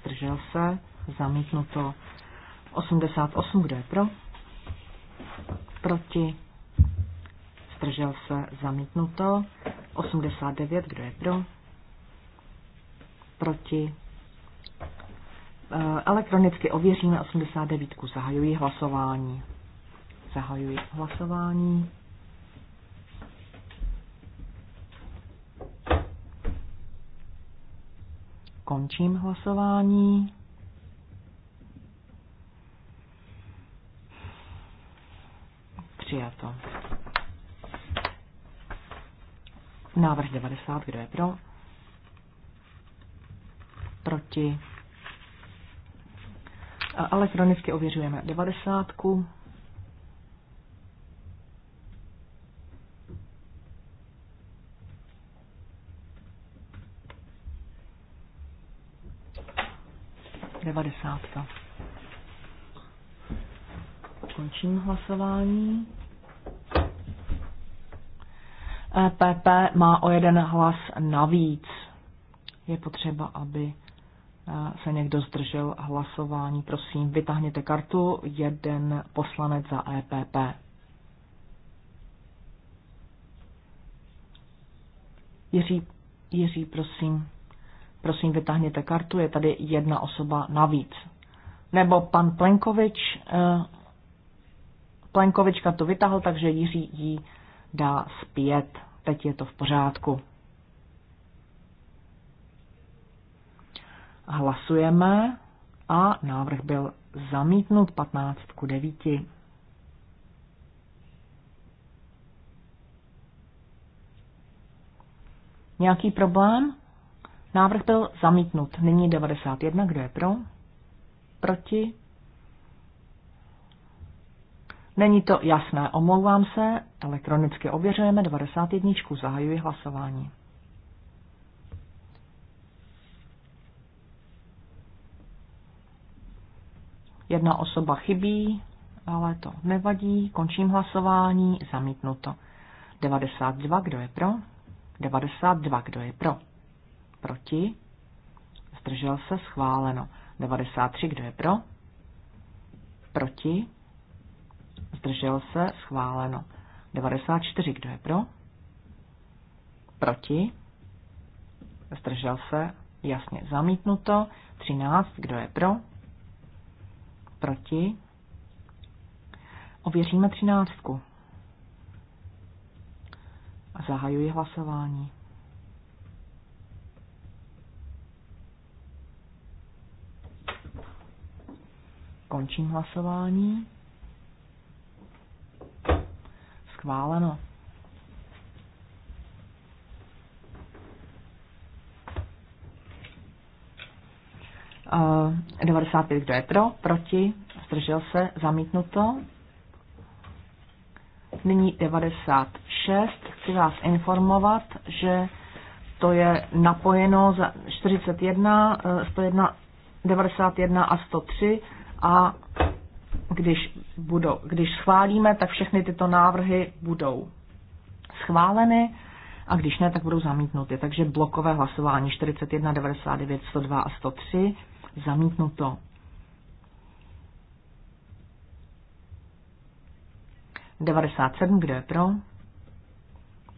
Zdržel se? Zamítnuto. 88. Kdo je pro? Proti? Zdržel se? Zamítnuto. 89. Kdo je pro? Proti? Eh, elektronicky ověříme 89. Zahajuji hlasování. Zahajuji hlasování. Končím hlasování. Přijato. Návrh 90, kdo je pro? Proti? Elektronicky ověřujeme 90. 90. Končím hlasování. PP e má o jeden hlas navíc. Je potřeba, aby e, se někdo zdržel hlasování. Prosím, vytáhněte kartu. Jeden poslanec za EPP. Jiří, Jiří, prosím. Prosím, vytáhněte kartu, je tady jedna osoba navíc. Nebo pan Plenkovič, eh, Plenkovič kartu vytáhl, takže Jiří ji dá zpět. Teď je to v pořádku. Hlasujeme a návrh byl zamítnut 15 ku 9. Nějaký problém? Návrh byl zamítnut. Nyní 91. Kdo je pro? Proti? Není to jasné, omlouvám se. Elektronicky ověřujeme 91. Zahajuji hlasování. Jedna osoba chybí, ale to nevadí. Končím hlasování. Zamítnuto. 92, kdo je pro? 92, kdo je pro? Proti? Zdržel se? Schváleno. 93. Kdo je pro? Proti? Zdržel se? Schváleno. 94. Kdo je pro? Proti? Zdržel se? Jasně zamítnuto. 13. Kdo je pro? Proti? Ověříme třináctku. Zahajuji hlasování. Končím hlasování. Schváleno. Uh, eh, 95, kdo je pro, proti, zdržel se, zamítnuto. Nyní 96. Chci vás informovat, že to je napojeno za 41, 101, 91 a 103 a když, budou, když schválíme, tak všechny tyto návrhy budou schváleny a když ne, tak budou zamítnuty. Takže blokové hlasování 41, 99, 102 a 103 zamítnuto. Devadesát sedm, kdo je pro?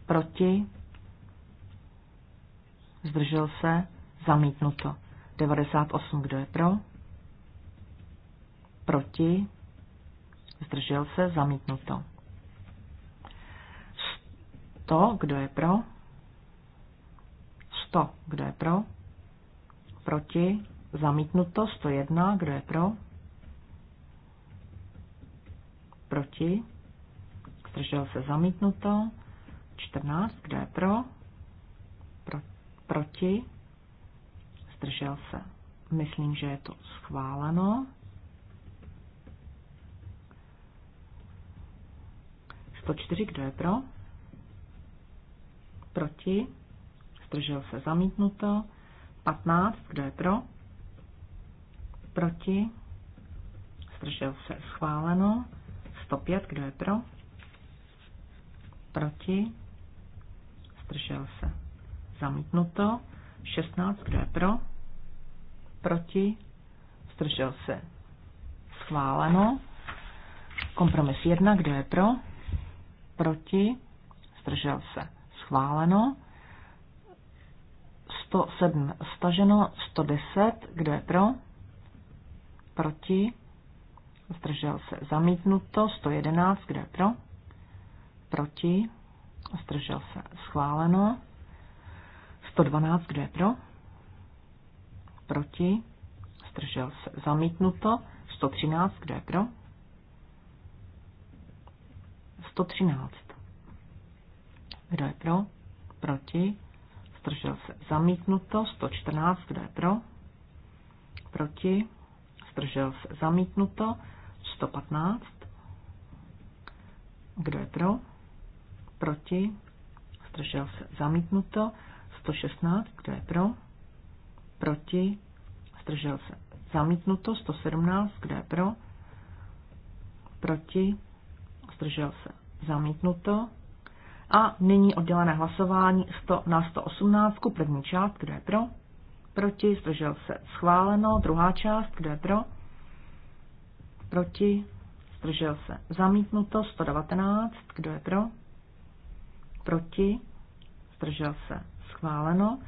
Proti? Zdržel se? Zamítnuto. 98, kdo je pro? proti, zdržel se, zamítnuto. Sto kdo je pro, Sto kdo je pro, proti, zamítnuto, jedna kdo je pro, proti, zdržel se, zamítnuto, 14, kdo je pro, pro proti, zdržel se. Myslím, že je to schváleno. 104, kdo je pro? Proti? Zdržel se zamítnuto. 15, kdo je pro? Proti? Zdržel se schváleno. 105, kdo je pro? Proti? Zdržel se zamítnuto. 16, kdo je pro? Proti? Zdržel se schváleno. Kompromis 1, kdo je pro? proti, zdržel se, schváleno. 107 staženo, 110, kdo je pro, proti, zdržel se, zamítnuto, 111, kdo je pro, proti, zdržel se, schváleno. 112, kdo je pro, proti, zdržel se, zamítnuto. 113, kdo je pro, 113. Kdo je pro? Proti? Zdržel se zamítnuto. 114. Kdo je pro? Proti? Zdržel se zamítnuto. 115. Kdo je pro? Proti? Zdržel se zamítnuto. 116. Kdo je pro? Proti? Zdržel se zamítnuto. 117. Kdo je pro? Proti? Zdržel se Zamítnuto. A nyní oddělené hlasování 100 na 118, první část, kdo je pro? Proti, zdržel se, schváleno. Druhá část, kdo je pro? Proti, zdržel se, zamítnuto. 119, kdo je pro? Proti, zdržel se, schváleno.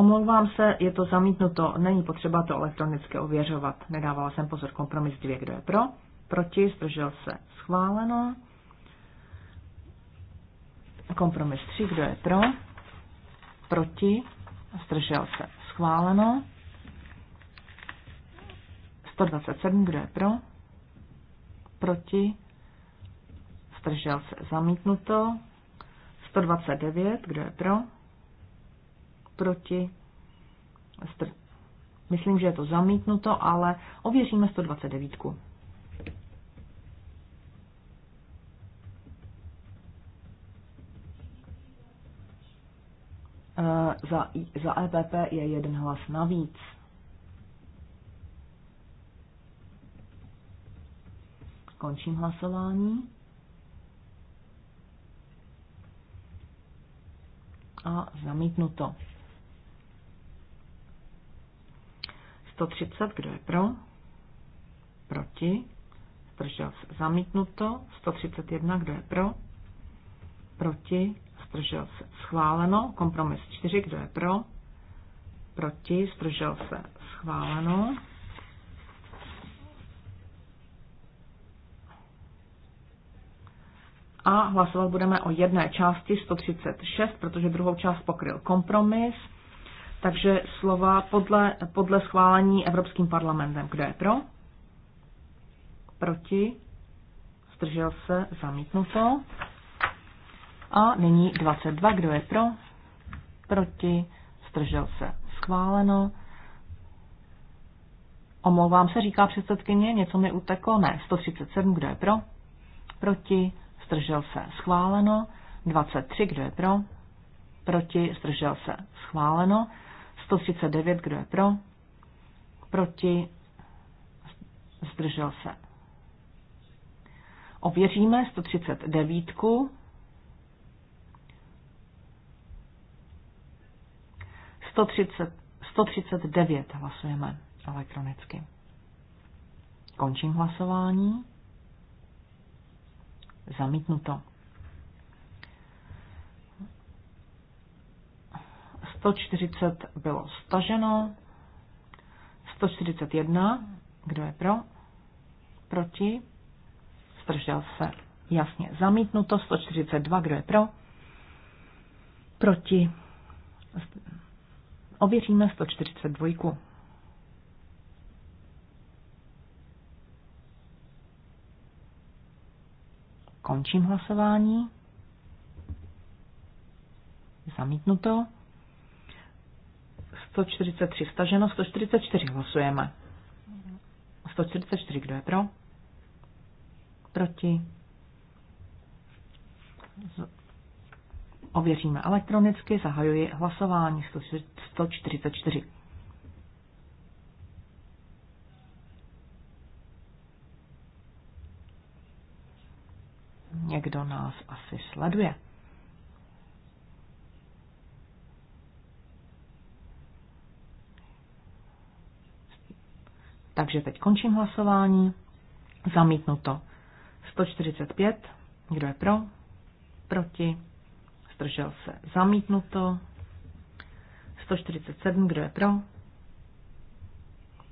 Omlouvám se, je to zamítnuto, není potřeba to elektronicky ověřovat. Nedávala jsem pozor kompromis dvě, kdo je pro, proti, zdržel se, schváleno. Kompromis 3, kdo je pro, proti, zdržel se, schváleno. 127, kdo je pro, proti, zdržel se, zamítnuto. 129, kdo je pro, proti, str. Myslím, že je to zamítnuto, ale ověříme 129. Eh, za, za EPP je jeden hlas navíc. Končím hlasování. A zamítnuto. 130, kdo je pro? Proti? Zdržel se zamítnuto. 131, kdo je pro? Proti? Zdržel se schváleno. Kompromis 4, kdo je pro? Proti? Zdržel se schváleno. A hlasovat budeme o jedné části 136, protože druhou část pokryl kompromis. Takže slova podle, podle schválení Evropským parlamentem. Kdo je pro? Proti? Zdržel se? Zamítnuto. A nyní 22. Kdo je pro? Proti? Zdržel se? Schváleno. Omlouvám se, říká předsedkyně, něco mi uteklo. Ne, 137. Kdo je pro? Proti? Zdržel se? Schváleno. 23. Kdo je pro? Proti? Zdržel se? Schváleno. 139, kdo je pro? Proti? Zdržel se. Ověříme 139. Sto třicet 139 hlasujeme elektronicky. Končím hlasování. Zamítnuto. 140 bylo staženo. 141, kdo je pro? Proti? Zdržel se. Jasně zamítnuto. 142, kdo je pro? Proti? Ověříme 142. Končím hlasování. Zamítnuto. 143 staženo, 144 hlasujeme. 144, kdo je pro? Proti? Ověříme elektronicky, zahajuji hlasování 144. Někdo nás asi sleduje. Takže teď končím hlasování. Zamítnuto. 145. Kdo je pro? Proti? Zdržel se. Zamítnuto. 147. Kdo je pro?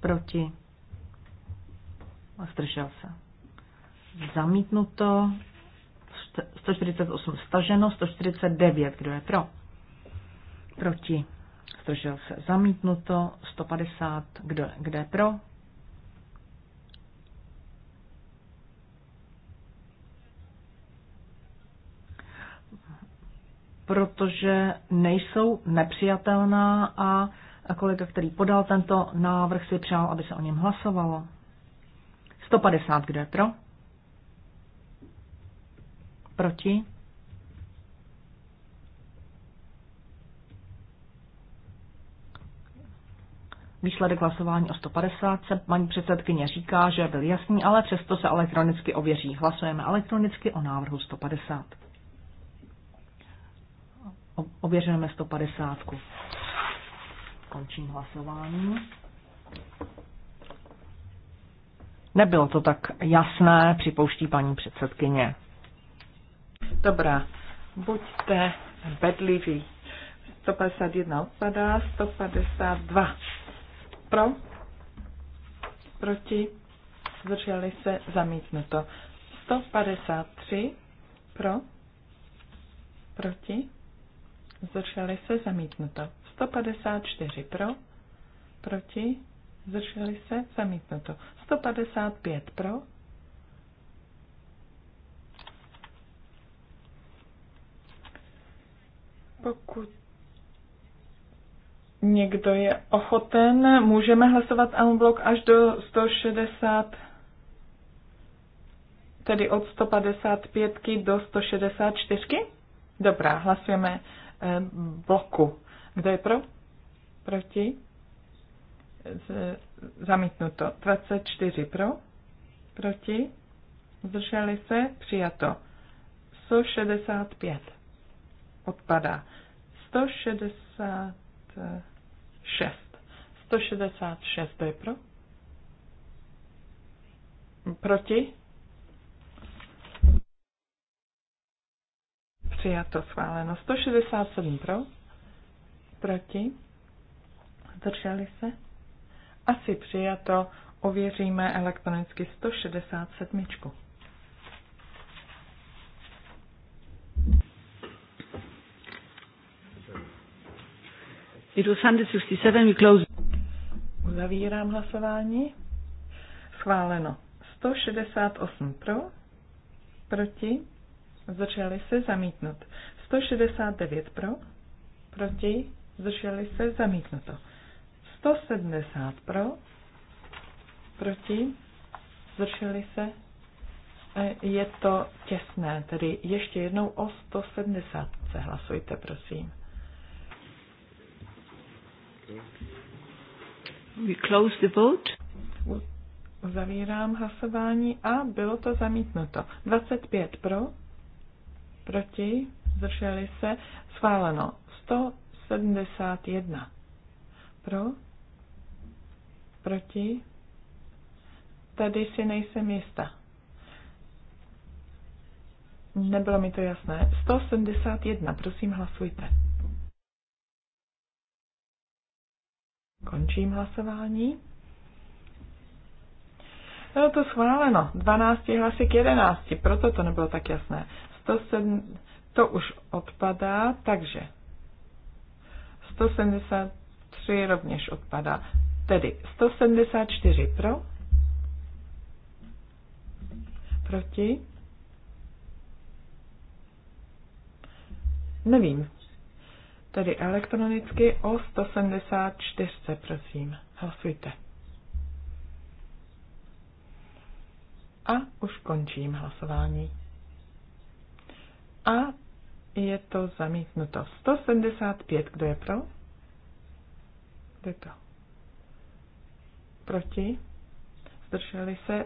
Proti? Zdržel se. Zamítnuto. 148 staženo, 149, kdo je pro? Proti. Zdržel se. Zamítnuto. 150, kdo, kde je pro? protože nejsou nepřijatelná a kolega, který podal tento návrh, si přál, aby se o něm hlasovalo. 150, kdo je pro? Proti? Výsledek hlasování o 150 se paní předsedkyně říká, že byl jasný, ale přesto se elektronicky ověří. Hlasujeme elektronicky o návrhu 150. Ověřujeme 150. Končím hlasování. Nebylo to tak jasné, připouští paní předsedkyně.
Dobrá, buďte bedliví. 151 odpadá, 152 pro, proti, zdrželi se, zamítnuto. 153 pro, proti, zdrželi se zamítnuto. 154 pro, proti, zdrželi se zamítnuto. 155 pro, pokud někdo je ochoten, můžeme hlasovat unblock až do 160, tedy od 155 do 164. Dobrá, hlasujeme Eh, bloku. Kdo je pro? Proti? Zamítnuto. 24 pro? Proti? Zdrželi se? Přijato. 165 odpadá. 166. 166 to je pro? Proti? Přijato, schváleno. 167 pro, proti, zdrželi se. Asi přijato, ověříme elektronicky 167.
It was 167, we close.
Uzavírám hlasování. Schváleno. 168 pro, proti, zdrželi se zamítnut. 169 pro, proti, zdrželi se zamítnuto. 170 pro, proti, zdrželi se, e, je to těsné, tedy ještě jednou o 170 se hlasujte, prosím. We close the vote. Zavírám hlasování a bylo to zamítnuto. 25 pro, proti, zdrželi se, schváleno 171. Pro, proti, tady si nejsem jista. Nebylo mi to jasné. 171, prosím hlasujte. Končím hlasování. Bylo to schváleno. 12 hlasy k 11, proto to nebylo tak jasné se, to už odpadá, takže 173 rovněž odpadá. Tedy 174 pro, proti, nevím, tedy elektronicky o 174, prosím, hlasujte. A už končím hlasování. A je to zamítnuto. 175, kdo je pro? Kdo je pro? Proti? Zdrželi se?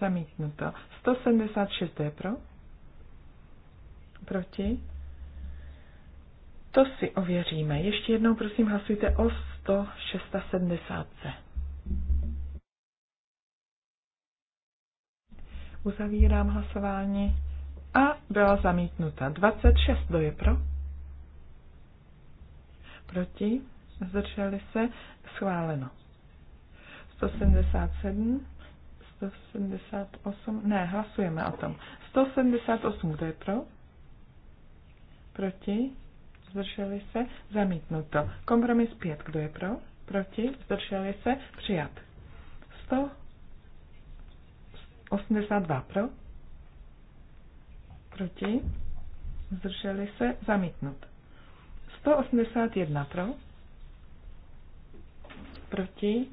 Zamítnuto. 176, kdo je pro? Proti? To si ověříme. Ještě jednou prosím hlasujte o 176. Uzavírám hlasování a byla zamítnuta. 26, kdo je pro? Proti? Zdrželi se? Schváleno. 177, 178, ne, hlasujeme o tom. 178, kdo je pro? Proti? Zdrželi se? Zamítnuto. Kompromis 5, kdo je pro? Proti? Zdrželi se? Přijat. 182 pro? proti, zdrželi se, zamítnut. 181 pro, proti,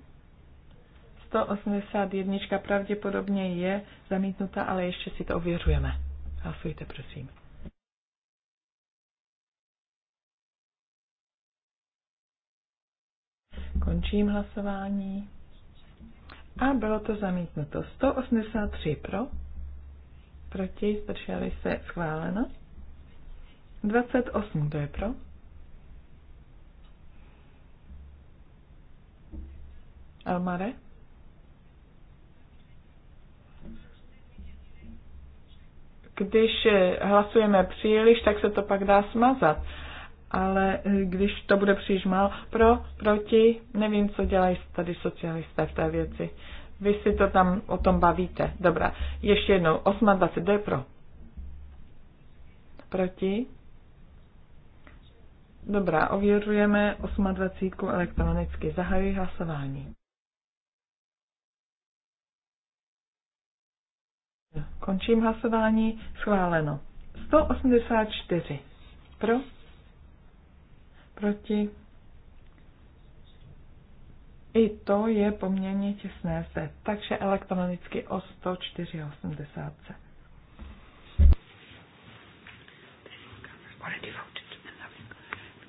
181 pravděpodobně je zamítnuta, ale ještě si to ověřujeme. Hlasujte, prosím. Končím hlasování. A bylo to zamítnuto. 183 pro, Proti? Zdrželi se? Schváleno. 28. Kdo je pro? Elmare? Když hlasujeme příliš, tak se to pak dá smazat. Ale když to bude příliš málo, pro, proti, nevím, co dělají tady socialisté v té věci. Vy si to tam o tom bavíte. Dobrá. Ještě jednou. 28. Kdo je pro? Proti? Dobrá, ověřujeme 28 elektronicky. Zahajuji hlasování. Končím hlasování. Schváleno. 184. Pro? Proti? I to je poměrně těsné zde, takže elektronicky o 104,80.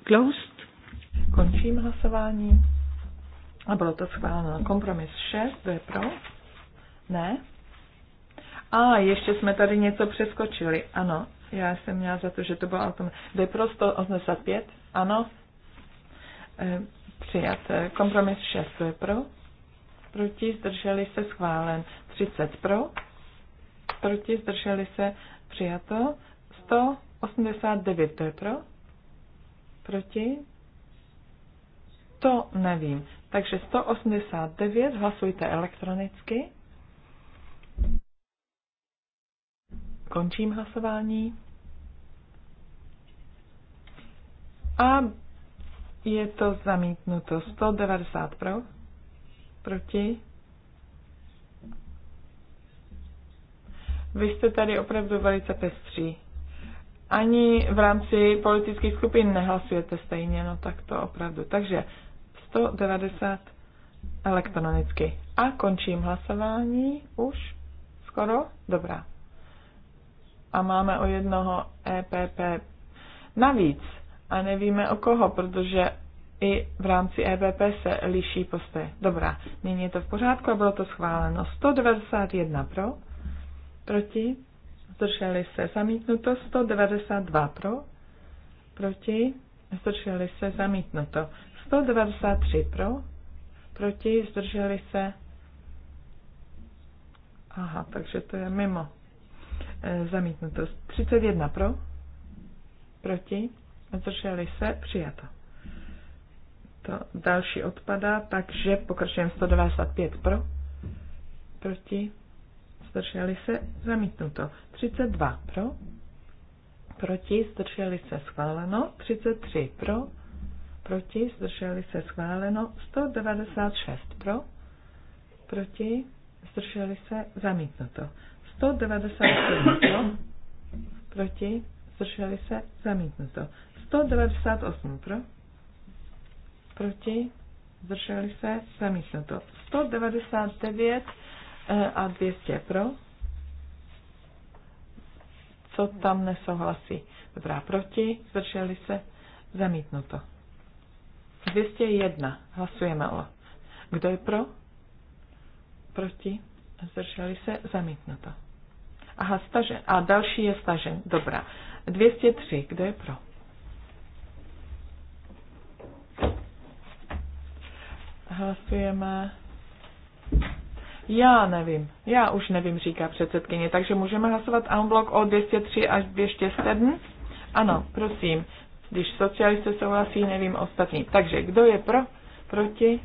Closed. Končím hlasování. A bylo to schváleno. Kompromis 6, to je pro? Ne? A ještě jsme tady něco přeskočili. Ano, já jsem měla za to, že to bylo autom. Kdo je pro Ano. E Přijat. Kompromis 6 pro. Proti zdrželi se schválen. 30 pro. Proti zdrželi se přijato. 189 to je pro. Proti. To nevím. Takže 189 hlasujte elektronicky. Končím hlasování. A je to zamítnuto. 190 pro. Proti. Vy jste tady opravdu velice pestří. Ani v rámci politických skupin nehlasujete stejně, no tak to opravdu. Takže 190 elektronicky. A končím hlasování už skoro. Dobrá. A máme o jednoho EPP navíc a nevíme o koho, protože i v rámci EBP se liší postoje. Dobrá, nyní je to v pořádku a bylo to schváleno. 191 pro, proti, zdrželi se zamítnuto, 192 pro, proti, zdrželi se zamítnuto, 193 pro, proti, zdrželi se, aha, takže to je mimo, e, zamítnuto, 31 pro, proti, zdrželi se, přijato. To další odpadá, takže pokračujeme 195 pro, proti, zdrželi se, zamítnuto. 32 pro, proti, zdrželi se, schváleno. 33 pro, proti, zdrželi se, schváleno. 196 pro, proti, zdrželi se, zamítnuto. 197 pro, proti, zdrželi se, zamítnuto. 198 pro, proti, zdrželi se, zamítnuto. 199 eh, a 200 pro, co tam nesouhlasí. Dobrá, proti, zdrželi se, zamítnuto. 201, hlasujeme o. Kdo je pro? Proti, zdrželi se, zamítnuto. Aha, stažen. A další je stažen. Dobrá. 203, kdo je pro? Hlasujeme. Já nevím, já už nevím, říká předsedkyně, takže můžeme hlasovat en blok o 203 až 207? Ano, prosím, když socialisté souhlasí, nevím ostatní. Takže kdo je pro, proti,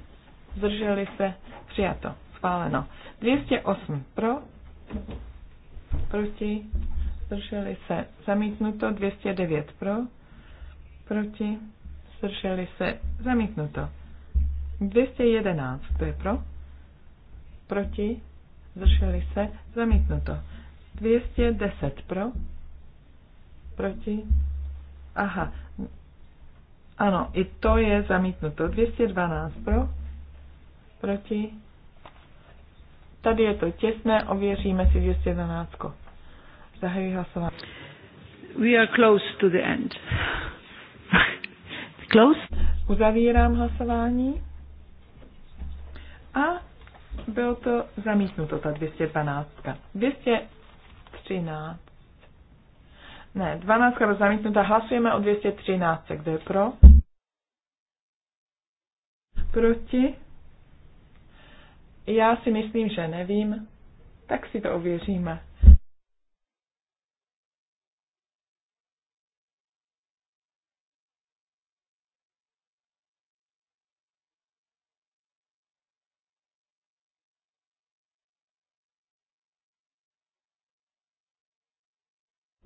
zdrželi se, přijato, schváleno. 208 pro, proti, zdrželi se, zamítnuto, 209 pro, proti, zdrželi se, zamítnuto. 211, to je pro, proti, zdrželi se, zamítnuto. 210 pro, proti, aha, ano, i to je zamítnuto. 212 pro, proti, tady je to těsné, ověříme si 211. Zahajuji hlasování. We are close to the end. [laughs] close? Uzavírám hlasování. A bylo to zamítnuto, ta 212. 213. Ne, 12 byla zamítnuta. Hlasujeme o 213. Kdo je pro? Proti? Já si myslím, že nevím. Tak si to ověříme.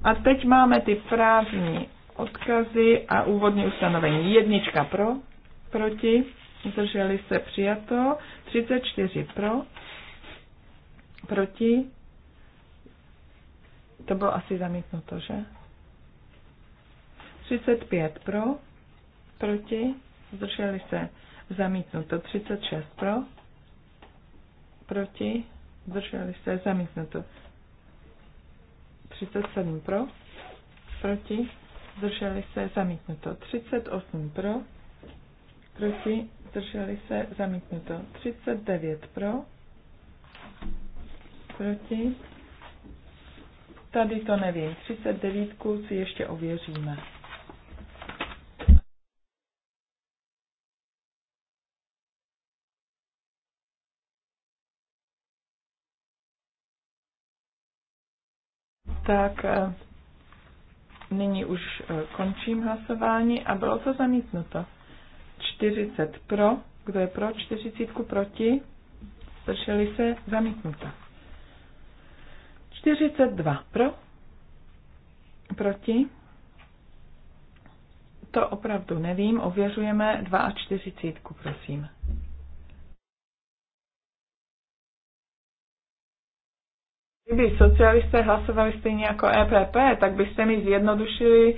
A teď máme ty právní odkazy a úvodní ustanovení. Jednička pro, proti, zdrželi se přijato, 34 pro, proti, to bylo asi zamítnuto, že? 35 pro, proti, zdrželi se zamítnuto, 36 pro, proti, zdrželi se zamítnuto, 37 pro, proti, zdrželi se, zamítnuto. 38 pro, proti, zdrželi se, zamítnuto. 39 pro, proti, tady to nevím, 39 si ještě ověříme.
Tak e, nyní už e, končím
hlasování a bylo to zamítnuto. 40 pro, kdo je pro, 40 proti, zdrželi se zamítnuto. 42 pro, proti, to opravdu nevím, ověřujeme 42, prosím. Kdyby socialisté hlasovali stejně jako EPP, tak byste mi zjednodušili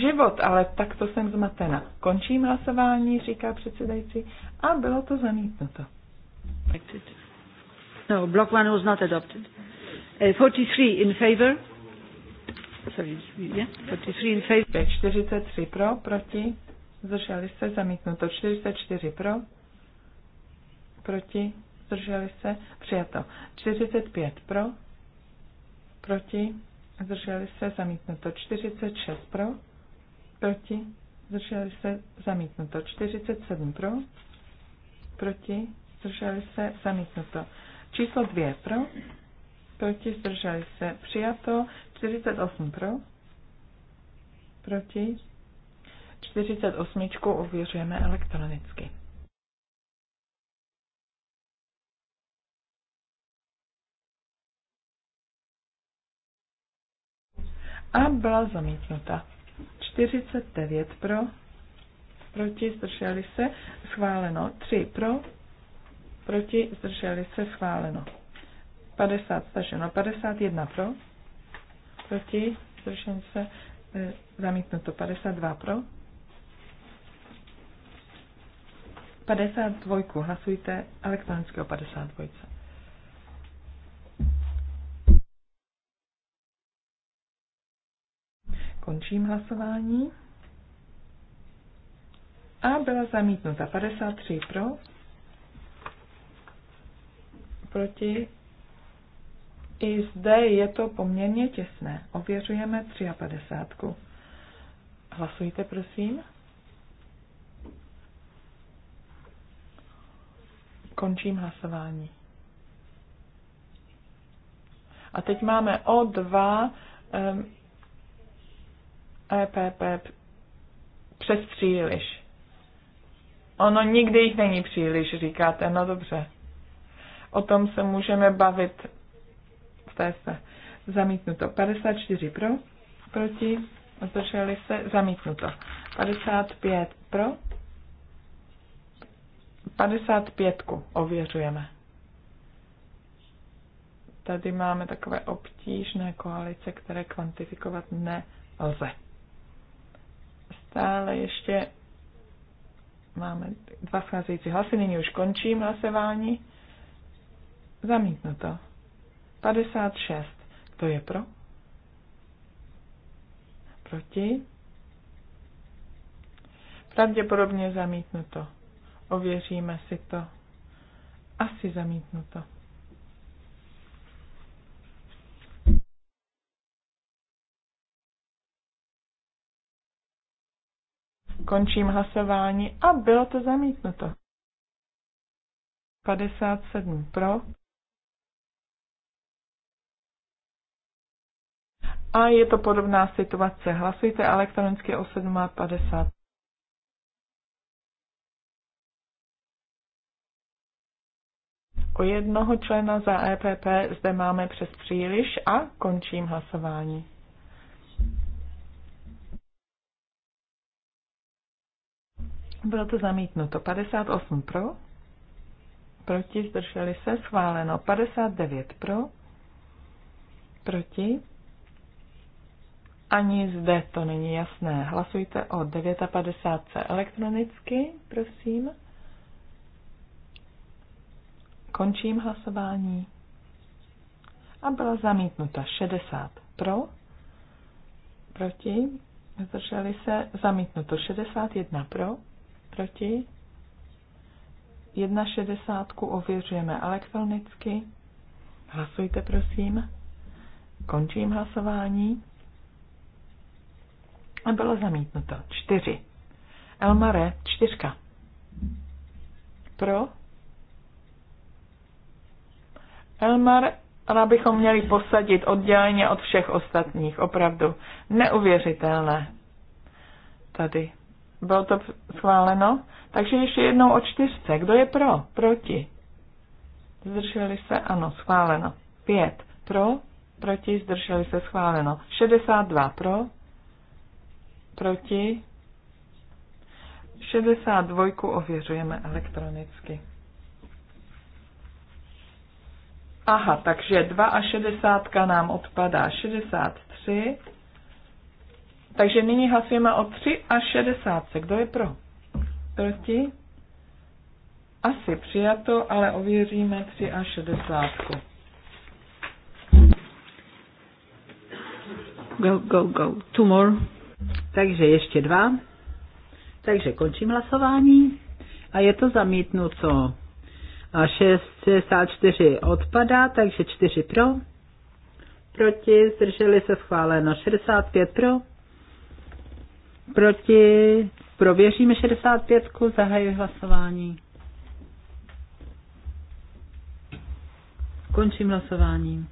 život, ale takto jsem zmatena. Končím hlasování, říká předsedající, a bylo to zamítnuto. No, block one was not adopted. Uh, eh, 43 in favor. Sorry, yeah, 43 in favor. 43 pro, proti. Zdrželi se, zamítnuto. 44 pro, proti. Zdrželi se, přijato. 45 pro, proti, zdrželi se, zamítnuto 46 pro, proti, zdrželi se, zamítnuto 47 pro, proti, zdrželi se, zamítnuto. Číslo 2 pro, proti, zdrželi se, přijato 48 pro, proti,
48 ověřujeme elektronicky. a byla zamítnuta. 49
pro, proti, zdrželi se, schváleno. 3 pro, proti, zdrželi se, schváleno. 50 staženo, 51 pro, proti, zdrželi se, e, zamítnuto. 52 pro, 52 hlasujte elektronického 52. Končím hlasování. A byla zamítnuta 53 pro, proti. I zde je to poměrně těsné. Ověřujeme 53. Hlasujte, prosím. Končím hlasování. A teď máme o dva um, EPP přes příliš. Ono nikdy jich není příliš, říkáte, no dobře. O tom se můžeme bavit v té se. Zamítnuto. 54 pro, proti, zdrželi se, zamítnuto. 55 pro, 55 ověřujeme. Tady máme takové obtížné koalice, které kvantifikovat nelze. Stále ještě máme dva scházející hlasy, nyní už končím hlasování. Zamítnuto. 56. Kdo je pro? Proti? Pravděpodobně zamítnuto. Ověříme si to. Asi zamítnuto. Končím hlasování a bylo to zamítnuto. 57 pro. A je to podobná situace. Hlasujte elektronicky o 750. O jednoho člena za EPP zde máme přes příliš a končím hlasování. Bylo to zamítnuto. 58 pro, proti, zdrželi se, schváleno. 59 pro, proti. Ani zde to není jasné. Hlasujte o 59 elektronicky, prosím. Končím hlasování. A byla zamítnuta 60 pro, proti, zdrželi se, zamítnuto 61 pro, Proti? 1,60 ověřujeme elektronicky. Hlasujte, prosím. Končím hlasování. A bylo zamítnuto. Čtyři. Elmare, čtyřka. Pro? Elmar, ale bychom měli posadit odděleně od všech ostatních. Opravdu neuvěřitelné. Tady bylo to schváleno? Takže ještě jednou o čtyřce. Kdo je pro? Proti. Zdrželi se? Ano, schváleno. Pět. Pro? Proti? Zdrželi se? Schváleno. 62. Pro? Proti? 62 ověřujeme elektronicky. Aha, takže 62 nám odpadá. 63 takže nyní hlasujeme o 3 a 60. Kdo je pro? Proti? Asi přijato, ale ověříme 3 a 60.
Go, go, go. Two more. Takže ještě dva. Takže končím hlasování a je to zamítnuto. A 64 odpadá, takže 4 pro. Proti, zdrželi se schváleno 65 pro proti, prověříme 65, zahajuji hlasování. Končím hlasování.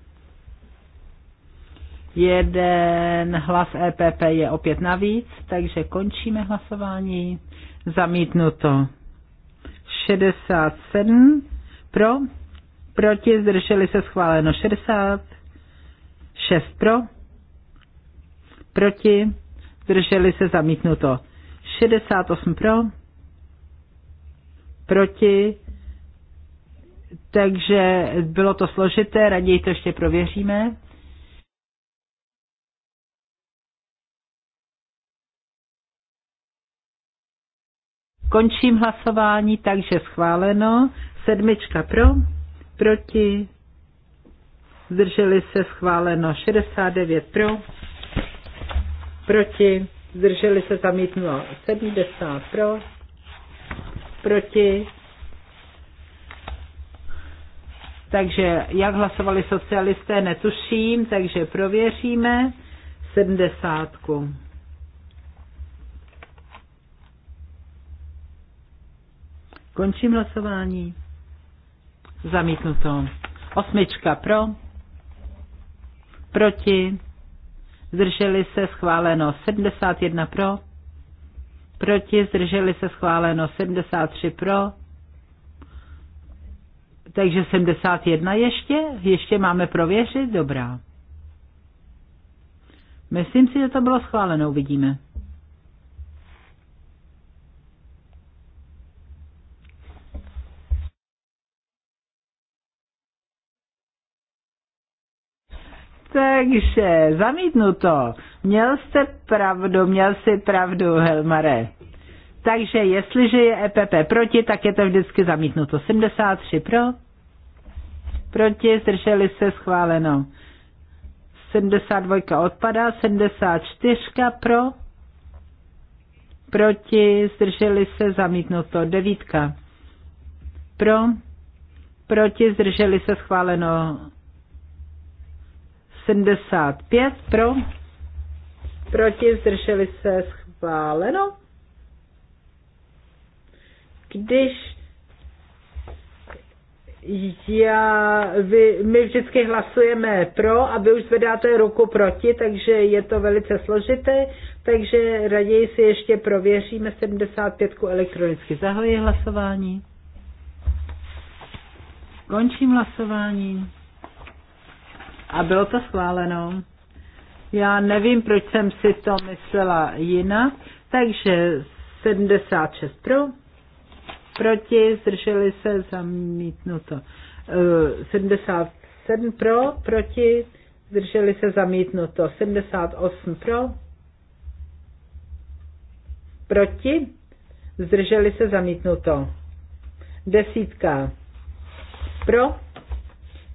Jeden hlas EPP je opět navíc, takže končíme hlasování. Zamítnuto. 67 pro, proti, zdrželi se schváleno 66 pro, proti, zdrželi se zamítnuto. 68 pro, proti, takže bylo to složité, raději to ještě prověříme. Končím hlasování, takže schváleno. Sedmička pro, proti, zdrželi se schváleno 69 pro, proti, zdrželi se zamítnuto 70 pro, proti. Takže jak hlasovali socialisté, netuším, takže prověříme 70. Končím hlasování. Zamítnuto. Osmička pro. Proti zdrželi se schváleno 71 pro, proti, zdrželi se schváleno 73 pro, takže 71 ještě, ještě máme prověřit, dobrá. Myslím si, že to bylo schváleno, uvidíme. Takže zamítnuto. Měl jste pravdu, měl jsi pravdu, Helmare. Takže jestliže je EPP proti, tak je to vždycky zamítnuto. 73 pro, proti, zdrželi se, schváleno. 72 odpadá, 74 pro, proti, zdrželi se, zamítnuto. 9 pro, proti, zdrželi se, schváleno. 75 pro, proti, zdrželi se, schváleno. Když já, vy, my vždycky hlasujeme pro a vy už zvedáte ruku proti, takže je to velice složité, takže raději si ještě prověříme 75 elektronicky. Zahoji hlasování. Končím hlasování a bylo to schváleno. Já nevím, proč jsem si to myslela jinak, takže 76 pro, proti, zdrželi se, zamítnuto. 77 eh, pro, proti, zdrželi se, zamítnuto. 78 pro, proti, zdrželi se, zamítnuto. Desítka pro,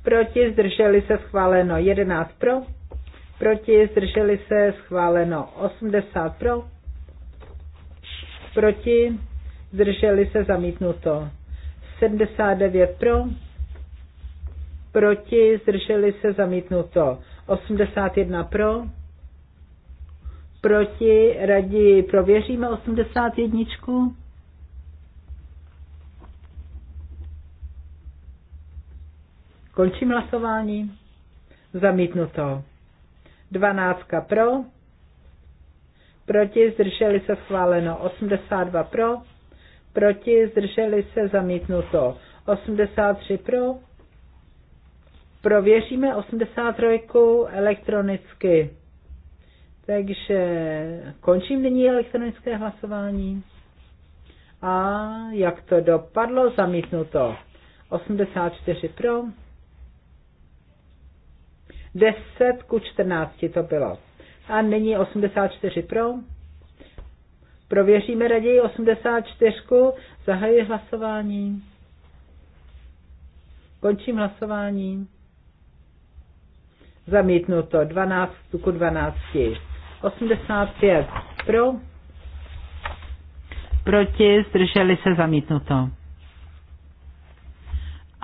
proti, zdrželi se schváleno 11 pro, proti, zdrželi se schváleno 80 pro, proti, zdrželi se zamítnuto 79 pro, proti, zdrželi se zamítnuto 81 pro, proti, raději prověříme 81. Končím hlasování. Zamítnuto. Dvanáctka pro. Proti zdrželi se schváleno 82 pro. Proti zdrželi se zamítnuto 83 pro. Prověříme 83 elektronicky. Takže končím nyní elektronické hlasování. A jak to dopadlo, zamítnuto. 84 pro 10 ku 14 to bylo. A není 84 pro. Prověříme raději 84. Zahajuji hlasování. Končím hlasování. Zamítnuto 12 ku 12. 85 pro. Proti zdrželi se zamítnuto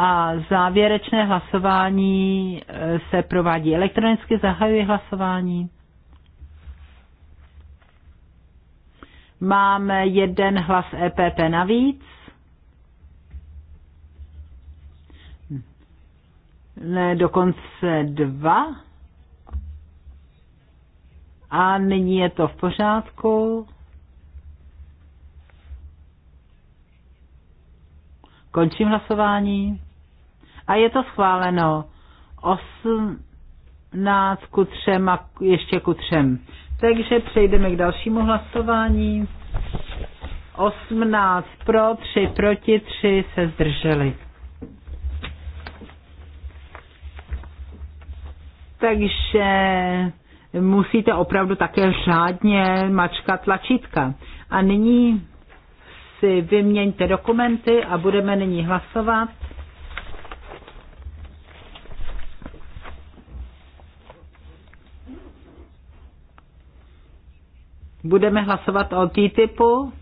a závěrečné hlasování eh, se provádí elektronicky. Zahajuji hlasování. Máme jeden hlas EPP navíc. Ne, dokonce dva. A nyní je to v pořádku. Končím hlasování a je to schváleno. 18 ku 3 a ještě ku 3. Takže přejdeme k dalšímu hlasování. 18 pro, 3 proti, 3 se zdrželi. Takže musíte opravdu také řádně mačkat tlačítka. A nyní si vyměňte dokumenty a budeme nyní hlasovat. budeme hlasovat o TTIPu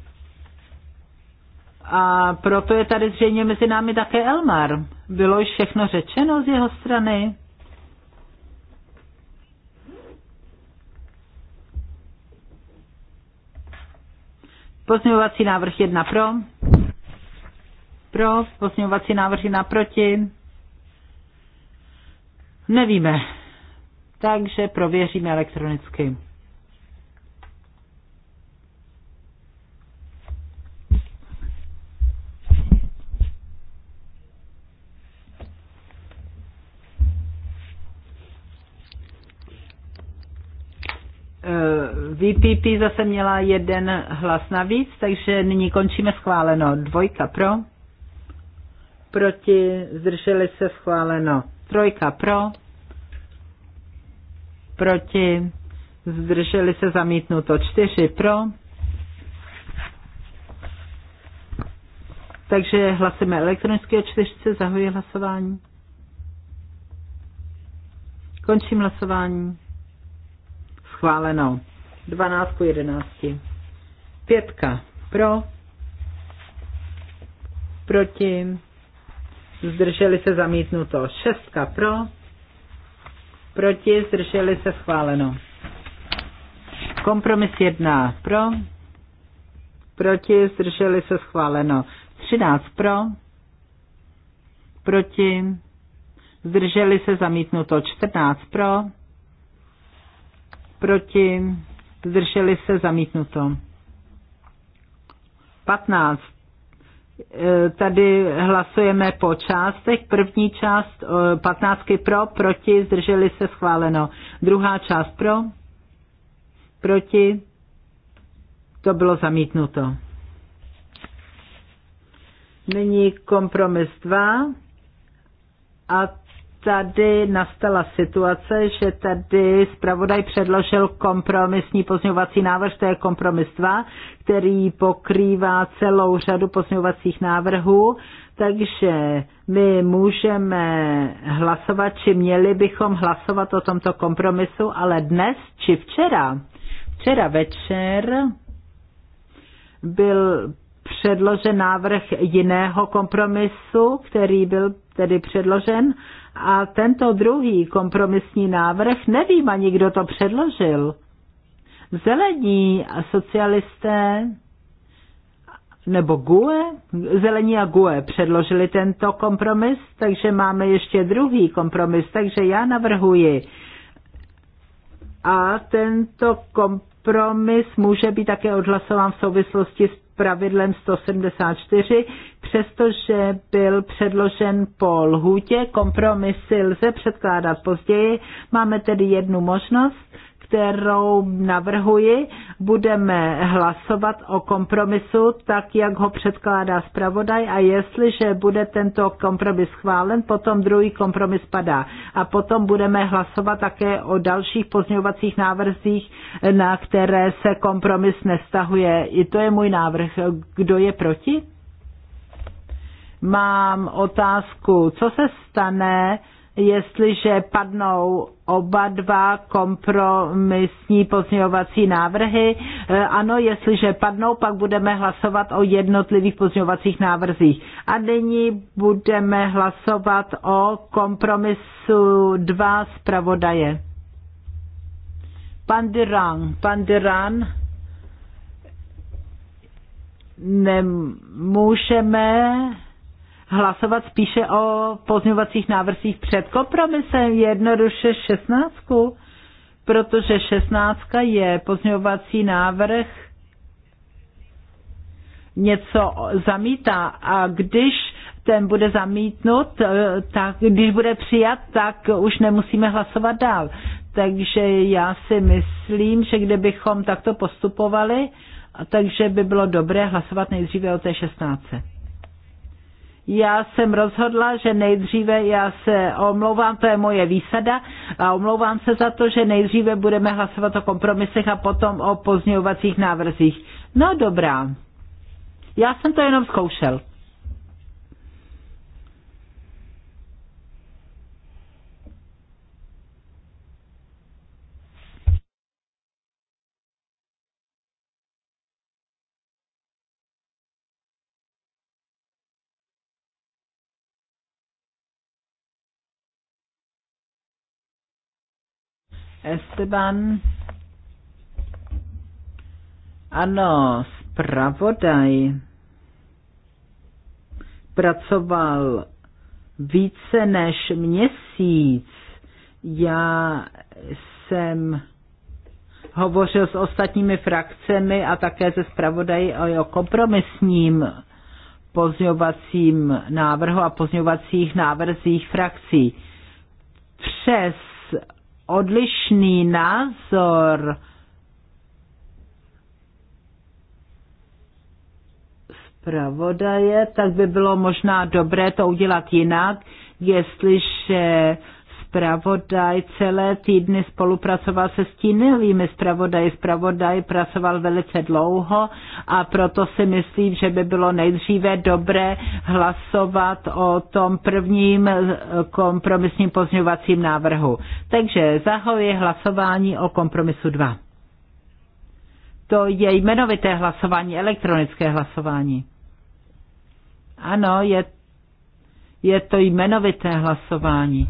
a proto je tady zřejmě mezi námi také Elmar. Bylo již všechno řečeno z jeho strany? Pozměňovací návrh jedna pro. Pro. Pozměňovací návrh jedna proti. Nevíme. Takže prověříme elektronicky. VPP zase měla jeden hlas navíc, takže nyní končíme schváleno. Dvojka pro, proti, zdrželi se schváleno. Trojka pro, proti, zdrželi se zamítnuto. Čtyři pro, Takže hlasujeme elektronicky o čtyřce, zahoji hlasování. Končím hlasování. Schváleno. 12 po 11. Pětka pro, proti, zdrželi se zamítnuto. Šestka pro, proti, zdrželi se schváleno. Kompromis jedna pro, proti, zdrželi se schváleno. třináct pro, proti, zdrželi se zamítnuto. čtrnáct pro, proti, zdrželi se, zamítnuto. 15. E, tady hlasujeme po částech. První část 15 e, pro, proti, zdrželi se, schváleno. Druhá část pro, proti, to bylo zamítnuto. Nyní kompromis 2 a tady nastala situace, že tady zpravodaj předložil kompromisní pozměňovací návrh, to je kompromis 2, který pokrývá celou řadu pozměňovacích návrhů, takže my můžeme hlasovat, či měli bychom hlasovat o tomto kompromisu, ale dnes či včera, včera večer byl předložen návrh jiného kompromisu, který byl tedy předložen a tento druhý kompromisní návrh, nevím ani, kdo to předložil. Zelení a socialisté nebo GUE, zelení a GUE předložili tento kompromis, takže máme ještě druhý kompromis, takže já navrhuji. A tento kompromis může být také odhlasován v souvislosti s pravidlem 174, přestože byl předložen po lhůtě, kompromisy lze předkládat později. Máme tedy jednu možnost, kterou navrhuji. Budeme hlasovat o kompromisu tak, jak ho předkládá zpravodaj a jestliže bude tento kompromis schválen, potom druhý kompromis padá. A potom budeme hlasovat také o dalších pozměňovacích návrzích, na které se kompromis nestahuje. I to je můj návrh. Kdo je proti? Mám otázku. Co se stane, jestliže padnou oba dva kompromisní pozměňovací návrhy. Eh, ano, jestliže padnou, pak budeme hlasovat o jednotlivých pozměňovacích návrzích. A nyní budeme hlasovat o kompromisu dva zpravodaje. Pan Duran, pan Duran, nemůžeme hlasovat spíše o pozňovacích návrzích před kompromisem, jednoduše 16, protože 16 je pozňovací návrh něco zamítá a když ten bude zamítnut, eh, tak když bude přijat, tak už nemusíme hlasovat dál. Takže já si myslím, že kdybychom takto postupovali, takže by bylo dobré hlasovat nejdříve o té 16 já jsem rozhodla, že nejdříve, já se omlouvám, to je moje výsada, a omlouvám se za to, že nejdříve budeme hlasovat o kompromisech a potom o pozměňovacích návrzích. No dobrá. Já jsem to jenom zkoušel. Esteban. Ano, zpravodaj pracoval více než měsíc. Já jsem hovořil s ostatními frakcemi a také se zpravodají o jeho kompromisním pozňovacím návrhu a pozňovacích návrzích frakcí. Přes odlišný názor zpravodaje, tak by bylo možná dobré to udělat jinak, jestliže zpravodaj celé týdny spolupracoval se stínovými zpravodaj, Zpravodaj pracoval velice dlouho a proto si myslím, že by bylo nejdříve dobré hlasovat o tom prvním kompromisním pozňovacím návrhu. Takže zahoji hlasování o kompromisu 2. To je jmenovité hlasování, elektronické hlasování. Ano, je, je to jmenovité hlasování.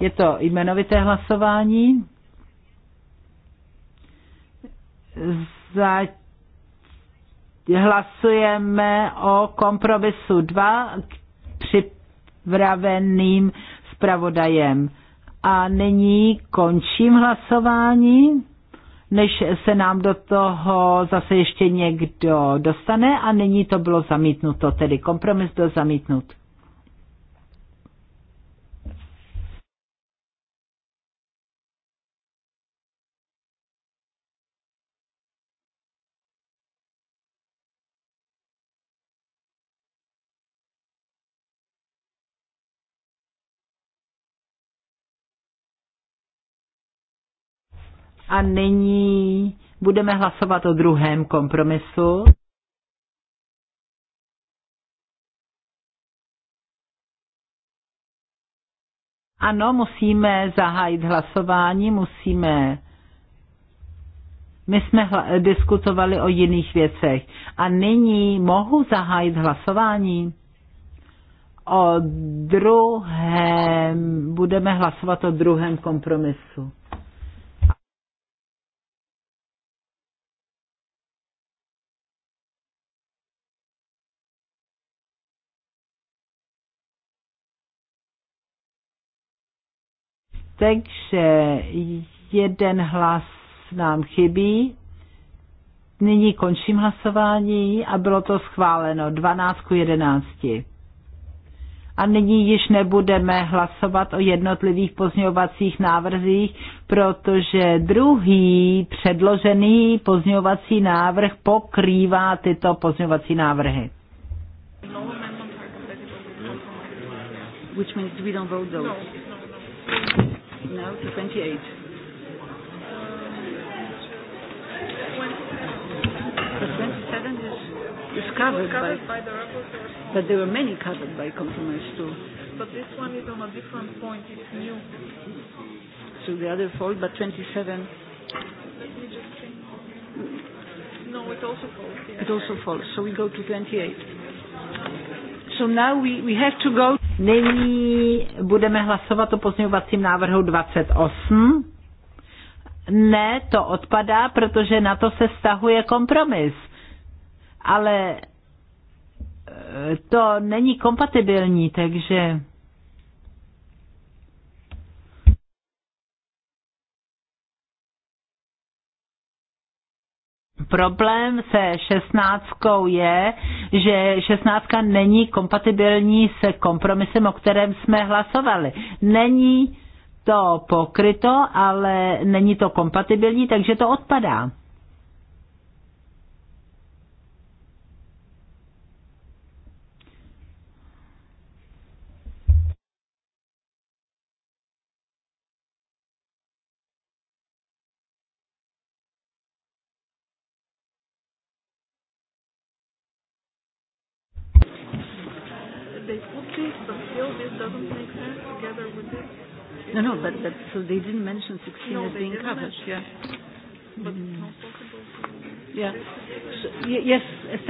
Je to jmenovité hlasování. Za hlasujeme o kompromisu 2 připraveným zpravodajem. A nyní končím hlasování, než se nám do toho zase ještě někdo dostane a nyní to bylo zamítnuto, tedy kompromis byl zamítnut. A nyní budeme hlasovat o druhém kompromisu. Ano, musíme zahájit hlasování, musíme. My jsme hla- diskutovali o jiných věcech. A nyní mohu zahájit hlasování? O druhém, budeme hlasovat o druhém kompromisu. Takže jeden hlas nám chybí. Nyní končím hlasování a bylo to schváleno 12 k 11. A nyní již nebudeme hlasovat o jednotlivých pozměňovacích návrzích, protože druhý předložený pozměňovací návrh pokrývá tyto pozměňovací návrhy.
Which means we don't vote those. No. Now to 28. The 27
is, is covered, covered by, by the rapporteur. But there
were many covered by compromise too.
But this one is on a different point. It's new.
So the other fall, but 27. Let
me just think. No, it also falls. Yeah. It also falls.
So we go to 28.
So now we, we have to go. Nyní budeme hlasovat o pozměňovacím návrhu 28. Ne, to odpadá, protože na to se stahuje kompromis. Ale eh, to není kompatibilní, takže... Problém se šestnáctkou je, že šestnáctka není kompatibilní se kompromisem, o kterém jsme hlasovali. Není to pokryto, ale není to kompatibilní, takže to odpadá.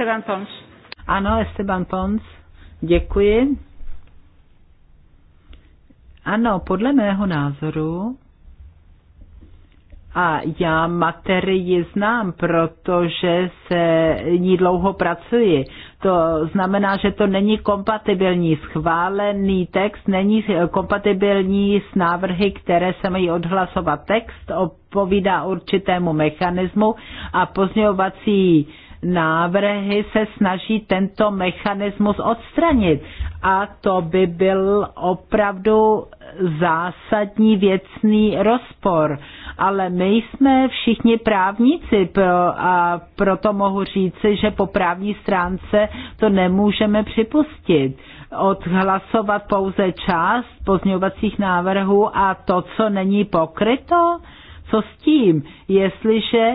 Esteban Pons. Ano, Esteban Pons. Děkuji. Ano, podle mého názoru a já materii znám, protože se ní dlouho pracuji. To znamená, že to není kompatibilní. Schválený text není kompatibilní s návrhy, které se mají odhlasovat. Text odpovídá určitému mechanismu a pozměňovací návrhy se snaží tento mechanismus odstranit. A to by byl opravdu zásadní věcný rozpor. Ale my jsme všichni právníci pro, a proto mohu říci, že po právní stránce to nemůžeme připustit odhlasovat pouze část pozňovacích návrhů a to, co není pokryto, co s tím, jestliže,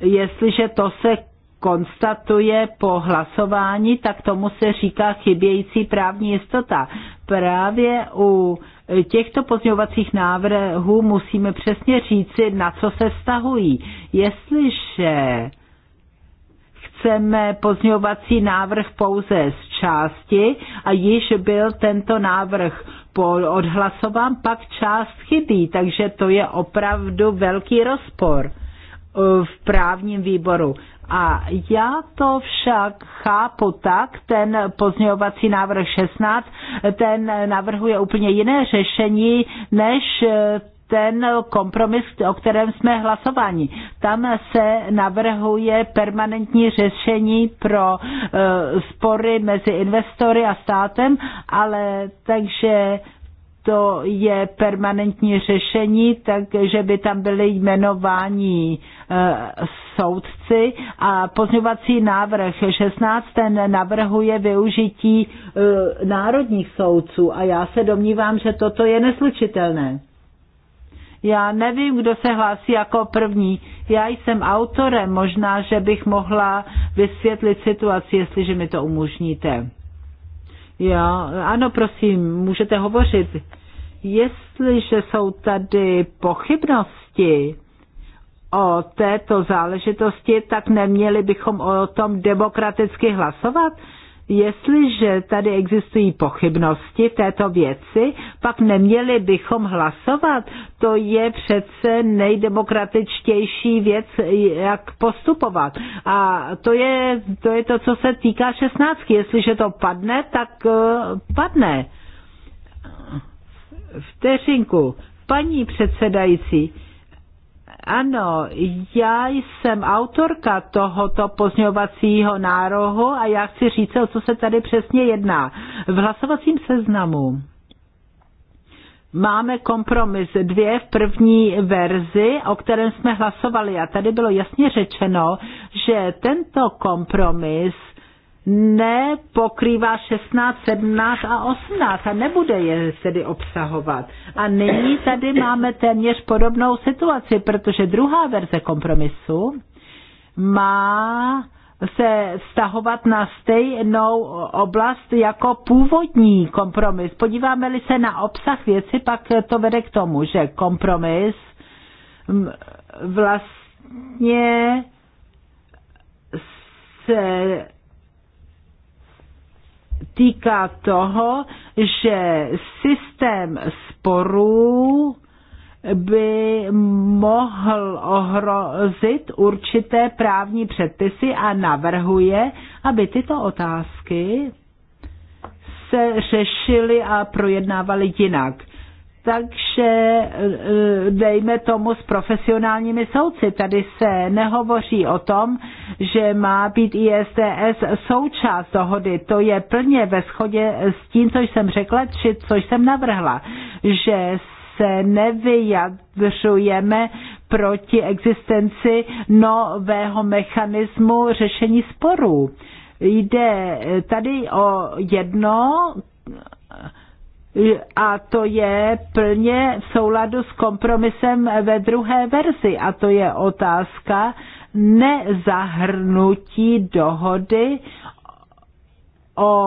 jestliže to se konstatuje po hlasování, tak tomu se říká chybějící právní jistota. Právě u těchto pozměňovacích návrhů musíme přesně říci, na co se vztahují. Jestliže chceme pozměňovací návrh pouze z části a již byl tento návrh odhlasován, pak část chybí, takže to je opravdu velký rozpor. E, v právním výboru. A já to však chápu tak, ten pozměňovací návrh 16, ten navrhuje úplně jiné řešení než e, ten kompromis, o kterém jsme hlasováni. Tam se navrhuje permanentní řešení pro e, spory mezi investory a státem, ale takže to je permanentní řešení, takže by tam byly jmenování eh, soudci a pozňovací návrh 16 ten navrhuje využití eh, národních soudců a já se domnívám, že toto je neslučitelné. Já nevím, kdo se hlásí jako první. Já jsem autorem, možná, že bych mohla vysvětlit situaci, jestliže mi to umožníte. Jo, ano, prosím, můžete hovořit. Jestliže jsou tady pochybnosti o této záležitosti, tak neměli bychom o tom demokraticky hlasovat? Jestliže tady existují pochybnosti této věci, pak neměli bychom hlasovat. To je přece nejdemokratičtější věc, jak postupovat. A to je to, je to co se týká šestnáctky. Jestliže to padne, tak eh, padne. Vteřinku. Paní předsedající, ano, já jsem autorka tohoto pozňovacího nárohu a já chci říct, o co se tady přesně jedná. V hlasovacím seznamu máme kompromis dvě v první verzi, o kterém jsme hlasovali a tady bylo jasně řečeno, že tento kompromis nepokrývá 16, 17 a 18 a nebude je tedy obsahovat. A nyní tady máme téměř podobnou situaci, protože druhá verze kompromisu má se vztahovat na stejnou oblast jako původní kompromis. Podíváme-li se na obsah věci, pak to vede k tomu, že kompromis vlastně se týká toho, že systém sporů by mohl ohrozit určité právní předpisy a navrhuje, aby tyto otázky se řešily a projednávaly jinak takže eh, dejme tomu s profesionálními soudci. Tady se nehovoří o tom, že má být ISDS součást dohody. To je plně ve shodě s tím, co jsem řekla, či co jsem navrhla, že se nevyjadřujeme proti existenci nového mechanismu řešení sporů. Jde tady o jedno a to je plně v souladu s kompromisem ve druhé verzi a to je otázka nezahrnutí dohody o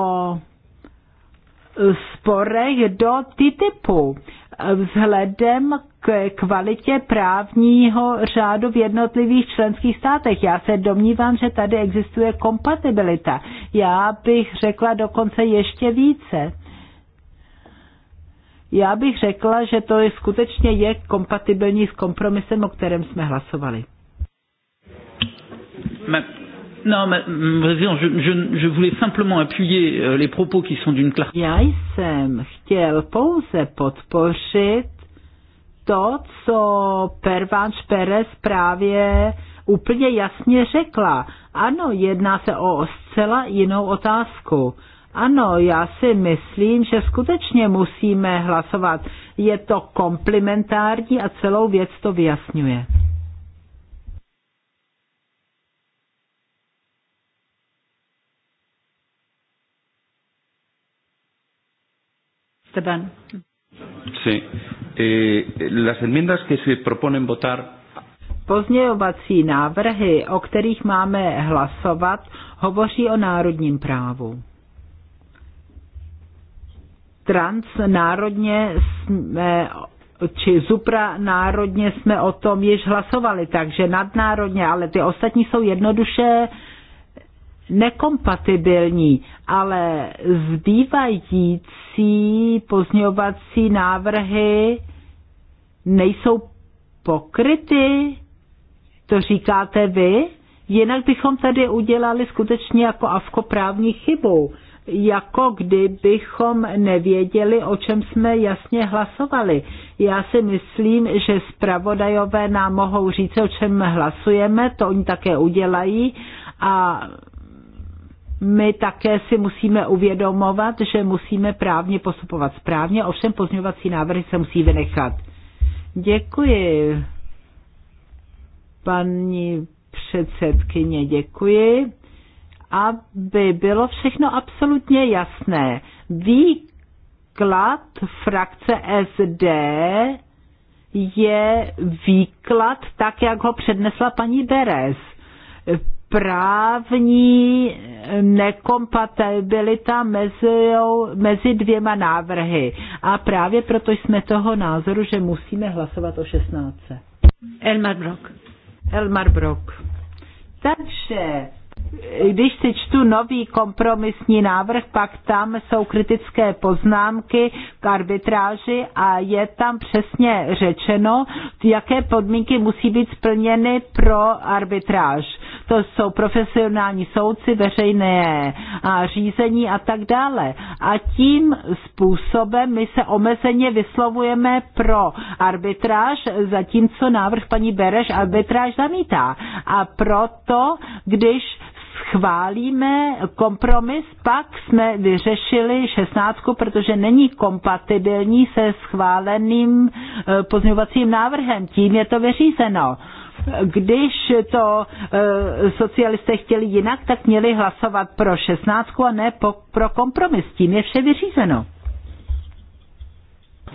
sporech do TTIPu vzhledem k kvalitě právního řádu v jednotlivých členských státech. Já se domnívám, že tady existuje kompatibilita. Já bych řekla dokonce ještě více já bych řekla, že to je skutečně je kompatibilní s kompromisem, o kterém jsme hlasovali.
Non, président, je, je, je voulais simplement appuyer euh, les propos qui
sont d'une clarté. Já jsem chtěl pouze podpořit to, co Pervanš Perez právě úplně jasně řekla. Ano, jedná se o zcela jinou otázku. Ano, já si myslím, že skutečně musíme hlasovat. Je to komplementární a celou věc to vyjasňuje. Esteban.
Sí. Eh, las enmiendas que se proponen votar.
Pozměňovací návrhy, o kterých máme hlasovat, hovoří o národním právu transnárodně jsme či supranárodně jsme o tom již hlasovali, takže nadnárodně, ale ty ostatní jsou jednoduše nekompatibilní, ale zbývající pozňovací návrhy nejsou pokryty, to říkáte vy, jinak bychom tady udělali skutečně jako avkoprávní chybu jako kdybychom nevěděli, o čem jsme jasně hlasovali. Já si myslím, že zpravodajové nám mohou říct, o čem hlasujeme, to oni také udělají a my také si musíme uvědomovat, že musíme právně postupovat správně, ovšem pozměňovací návrhy se musí vynechat. Děkuji, paní předsedkyně, děkuji aby bylo všechno absolutně jasné. Výklad frakce SD je výklad tak, jak ho přednesla paní Berez. Právní nekompatibilita mezi, mezi dvěma návrhy. A právě proto jsme toho názoru, že musíme hlasovat o 16.
Elmar Brok. Elmar Brok.
Takže když si čtu nový kompromisní návrh, pak tam jsou kritické poznámky k arbitráži a je tam přesně řečeno, jaké podmínky musí být splněny pro arbitráž. To jsou profesionální soudci, veřejné a řízení a tak dále. A tím způsobem my se omezeně vyslovujeme pro arbitráž, zatímco návrh paní Bereš arbitráž zamítá. A proto, když schválíme kompromis, pak jsme vyřešili šestnáctku, protože není kompatibilní se schváleným eh, pozměňovacím návrhem. Tím je to vyřízeno když to e, socialisté chtěli jinak, tak měli hlasovat pro šestnáctku a ne po, pro kompromis. Tím je vše vyřízeno.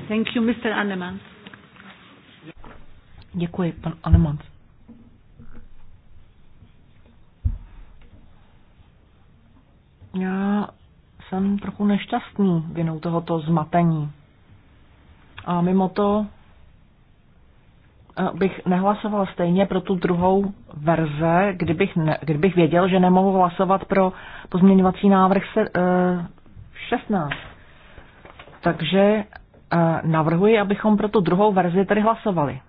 Thank you, Mr. Annemans.
Děkuji, pan Anemans. Já jsem trochu nešťastný vinou tohoto zmatení. A mimo to eh, bych nehlasoval stejně pro tu druhou verze, kdybych, ne, kdybych věděl, že nemohu hlasovat pro pozměňovací návrh se, e, eh, 16. Takže e, navrhuji, abychom pro tu druhou verzi tedy hlasovali.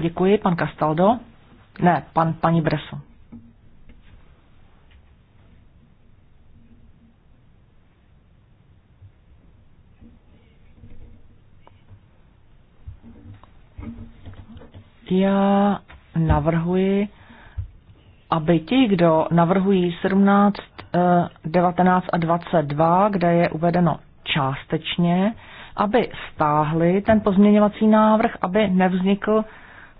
Děkuji, pan Castaldo. Ne, pan, paní Bresu. Já navrhuji, aby ti, kdo navrhují 17, 19 eh, a 22, kde je uvedeno částečně, aby stáhli ten pozměňovací návrh, aby nevznikl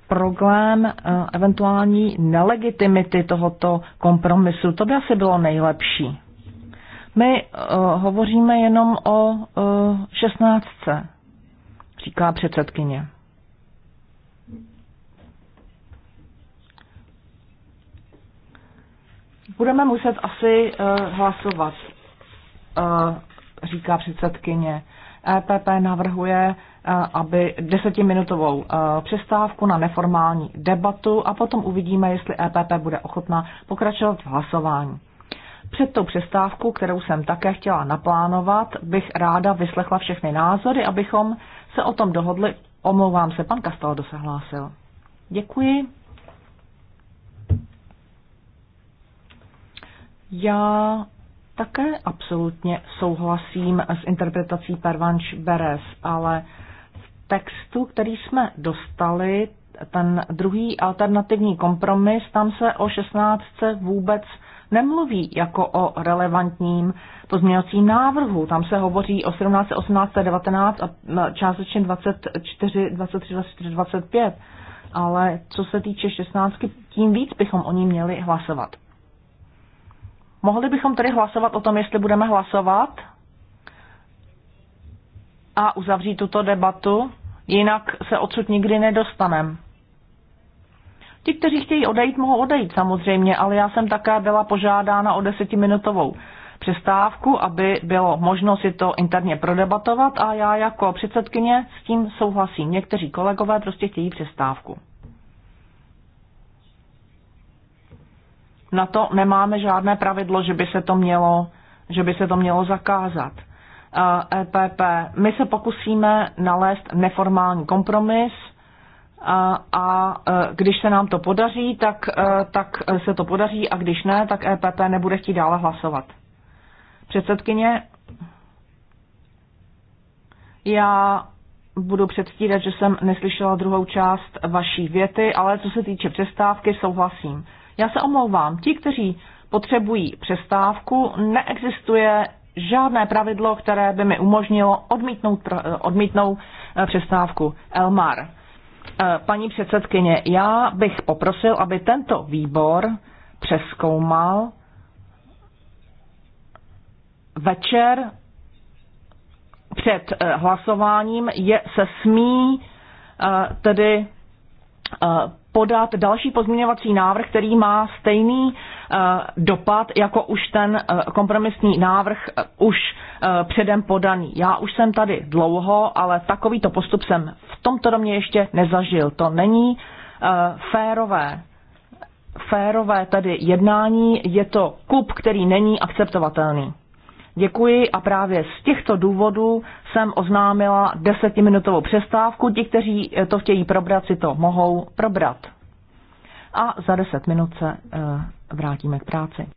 problém eh, eventuální nelegitimity tohoto kompromisu. To by asi bylo nejlepší. My uh, hovoříme jenom o uh, 16. říká předsedkyně. Budeme muset asi eh, hlasovat, eh, říká předsedkyně. EPP navrhuje, eh, aby desetiminutovou přestávku na neformální debatu a potom uvidíme, jestli EPP bude ochotná pokračovat v hlasování. Před tou přestávkou, kterou jsem také chtěla naplánovat, bych ráda vyslechla všechny názory, abychom se o tom dohodli. Omlouvám se, pan Kastal dosahlásil. Děkuji. Já také absolutně souhlasím s interpretací Pervanš Beres, ale v textu, který jsme dostali, ten druhý alternativní kompromis, tam se o 16 vůbec nemluví jako o relevantním pozměňovacím návrhu. Tam se hovoří o 17, 18, 19 a částečně 24, 23, 24, 25. Ale co se týče 16, tím víc bychom o ní měli hlasovat. Mohli bychom tedy hlasovat o tom, jestli budeme hlasovat a uzavřít tuto debatu, jinak se odsud nikdy nedostaneme. Ti, kteří chtějí odejít, mohou odejít samozřejmě, ale já jsem také byla požádána o desetiminutovou přestávku, aby bylo možno si to interně prodebatovat a já jako předsedkyně s tím souhlasím. Někteří kolegové prostě chtějí přestávku. na to nemáme žádné pravidlo, že by se to mělo, že by se to mělo zakázat. EPP. Eh, e My se pokusíme nalézt neformální kompromis eh, a, a eh, když se nám to podaří, tak, tak se to podaří a když ne, tak EPP nebude chtít dále hlasovat. Předsedkyně, já budu předstírat, že jsem neslyšela druhou část vaší věty, ale co se týče přestávky, souhlasím. Já se omlouvám, ti, kteří potřebují přestávku, neexistuje žádné pravidlo, které by mi umožnilo odmítnout, eh, odmítnout eh, přestávku. Elmar, eh, paní předsedkyně, já bych poprosil, aby tento výbor přeskoumal večer před hlasováním je, se smí tedy podat další pozměňovací návrh, který má stejný eh, dopad jako už ten eh, kompromisní návrh eh, už předem podaný. Já už jsem tady dlouho, ale takovýto postup jsem v tomto domě ještě nezažil. To není férové férové tedy jednání, je to kup, který není akceptovatelný. Děkuji a právě z těchto důvodů jsem oznámila desetiminutovou přestávku. Ti, kteří eh, to chtějí probrat, si to mohou probrat. A za deset minut se eh, vrátíme k práci.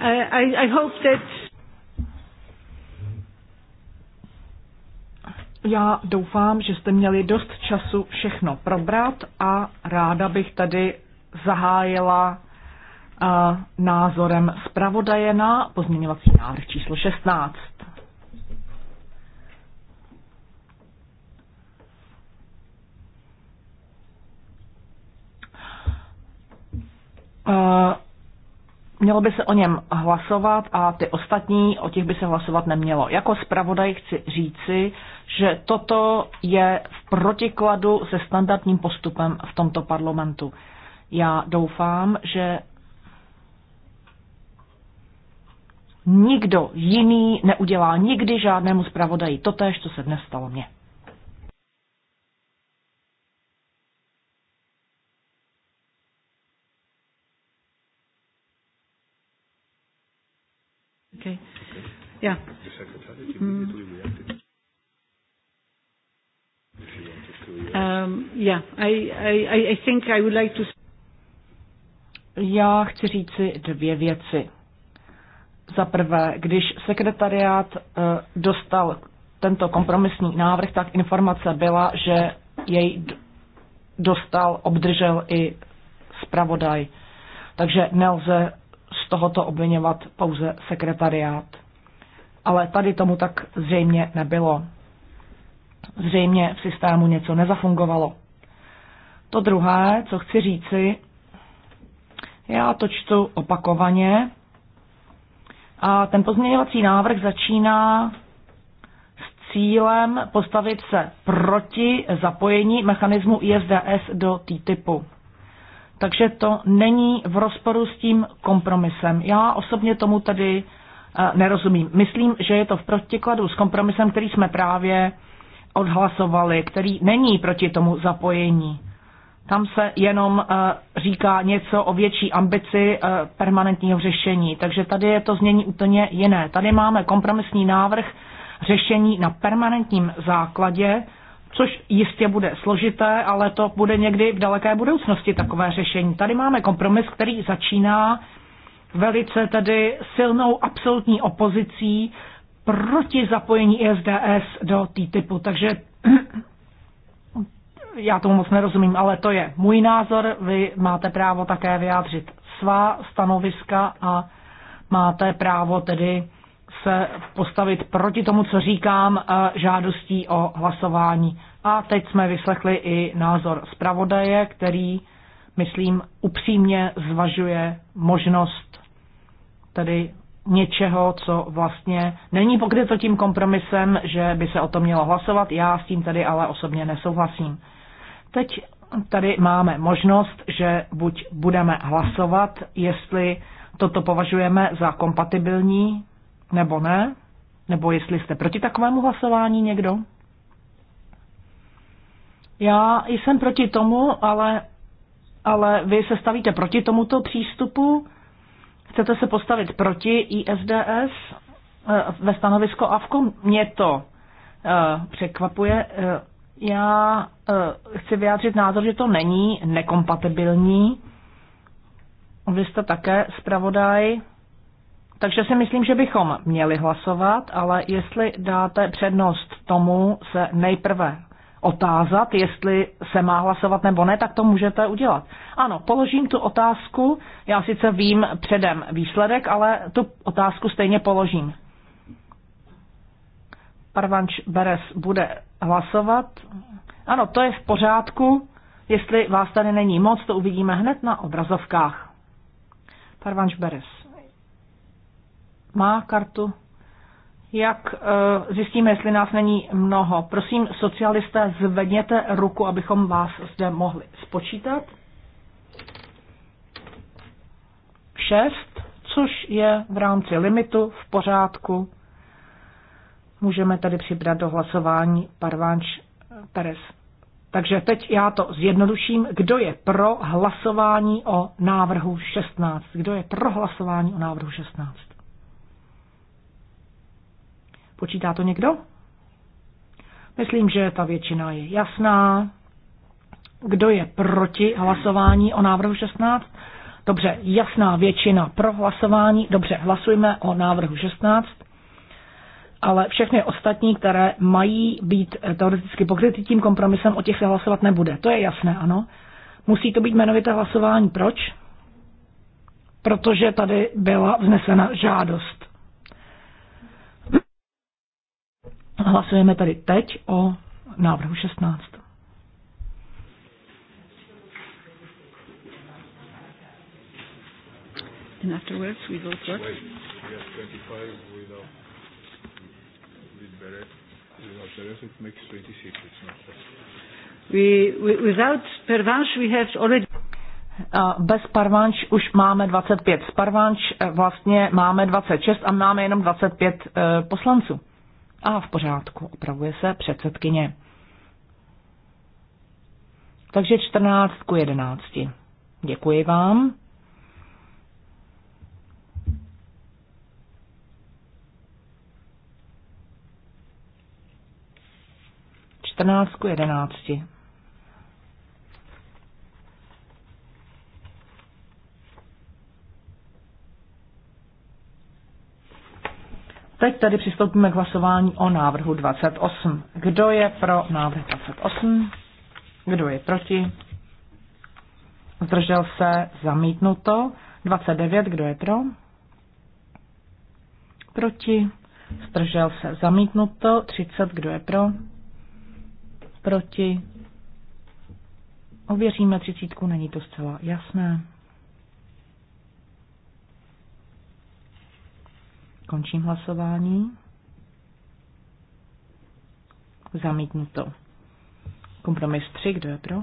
I, I hope
that...
Já doufám, že jste měli dost času všechno probrat a ráda bych tady zahájila uh, názorem zpravodaje na pozměňovací návrh číslo 16. Uh, eh, Mělo by se o něm hlasovat a ty ostatní, o těch by se hlasovat nemělo. Jako zpravodaj chci říci, že toto je v protikladu se standardním postupem v tomto parlamentu. Já doufám, že nikdo jiný neudělá nikdy žádnému zpravodaji totéž, co se dnes stalo mně. Yeah. Já chci říci dvě věci. Za prvé, když sekretariát uh, dostal tento kompromisní návrh, tak informace byla, že jej dostal, obdržel i zpravodaj. Takže nelze z tohoto obvinovat pouze sekretariát ale tady tomu tak zřejmě nebylo. Zřejmě v systému něco nezafungovalo. To druhé, co chci říci, já to čtu opakovaně a ten pozměňovací návrh začíná s cílem postavit se proti zapojení mechanismu ISDS do TTIPu. Takže to není v rozporu s tím kompromisem. Já osobně tomu tedy nerozumím. Myslím, že je to v protikladu s kompromisem, který jsme právě odhlasovali, který není proti tomu zapojení. Tam se jenom eh, říká něco o větší ambici eh, permanentního řešení. Takže tady je to změní úplně jiné. Tady máme kompromisní návrh řešení na permanentním základě, což jistě bude složité, ale to bude někdy v daleké budoucnosti takové řešení. Tady máme kompromis, který začíná velice tedy silnou absolutní opozicí proti zapojení ISDS do TTIPu. Takže [clears throat] já tomu moc nerozumím, ale to je můj názor. Vy máte právo také vyjádřit svá stanoviska a máte právo tedy se postavit proti tomu, co říkám, eh, žádostí o hlasování. A teď jsme vyslechli i názor zpravodaje, který, myslím, upřímně zvažuje možnost tedy něčeho, co vlastně není pokryto tím kompromisem, že by se o to mělo hlasovat. Já s tím tady ale osobně nesouhlasím. Teď tady máme možnost, že buď budeme hlasovat, jestli toto považujeme za kompatibilní nebo ne, nebo jestli jste proti takovému hlasování někdo. Já jsem proti tomu, ale, ale vy se stavíte proti tomuto přístupu Chcete se postavit proti ISDS eh, ve stanovisko AVKO? Mě to eh, překvapuje. Eh, já chci vyjádřit názor, že to není nekompatibilní. Vy jste také zpravodaj. Takže si myslím, že bychom měli hlasovat, ale jestli dáte přednost tomu se nejprve otázat, jestli se má hlasovat nebo ne, tak to můžete udělat. Ano, položím tu otázku, já sice vím předem výsledek, ale tu otázku stejně položím. Parvanč Beres bude hlasovat. Ano, to je v pořádku. Jestli vás tady není moc, to uvidíme hned na obrazovkách. Parvanč Beres. Má kartu jak eh, zjistíme, jestli nás není mnoho? Prosím, socialisté, zvedněte ruku, abychom vás zde mohli spočítat. Šest, což je v rámci limitu v pořádku. Můžeme tady přibrat do hlasování Parvánč Perez. Takže teď já to zjednoduším. Kdo je pro hlasování o návrhu 16? Kdo je pro hlasování o návrhu 16? Počítá to někdo? Myslím, že ta většina je jasná. Kdo je proti hlasování o návrhu 16? Dobře, jasná většina pro hlasování. Dobře, hlasujme o návrhu 16. Ale všechny ostatní, které mají být teoreticky pokryty tím kompromisem, o těch se hlasovat nebude. To je jasné, ano. Musí to být jmenovité hlasování. Proč? Protože tady byla vznesena žádost. Hlasujeme tady teď o návrhu 16.
And afterwards we vote what? 25 without, with Beret, without it makes 26, it's not
we, we, without Pervanche we have already bez Parvanč už máme 25. Z Parvanč vlastně máme 26 a máme jenom 25 eh, poslanců. A v pořádku, opravuje se předsedkyně. Takže 14 ku 11. Děkuji vám. Čtrnáctku jedenácti. Teď tedy přistoupíme k hlasování o návrhu 28. Kdo je pro návrh 28? Kdo je proti? Zdržel se zamítnuto. 29. Kdo je pro? Proti. Zdržel se zamítnuto. 30. Kdo je pro? Proti. Ověříme třicítku, není to zcela jasné. Končím hlasování. Zamítnuto. Kompromis 3, kdo je pro?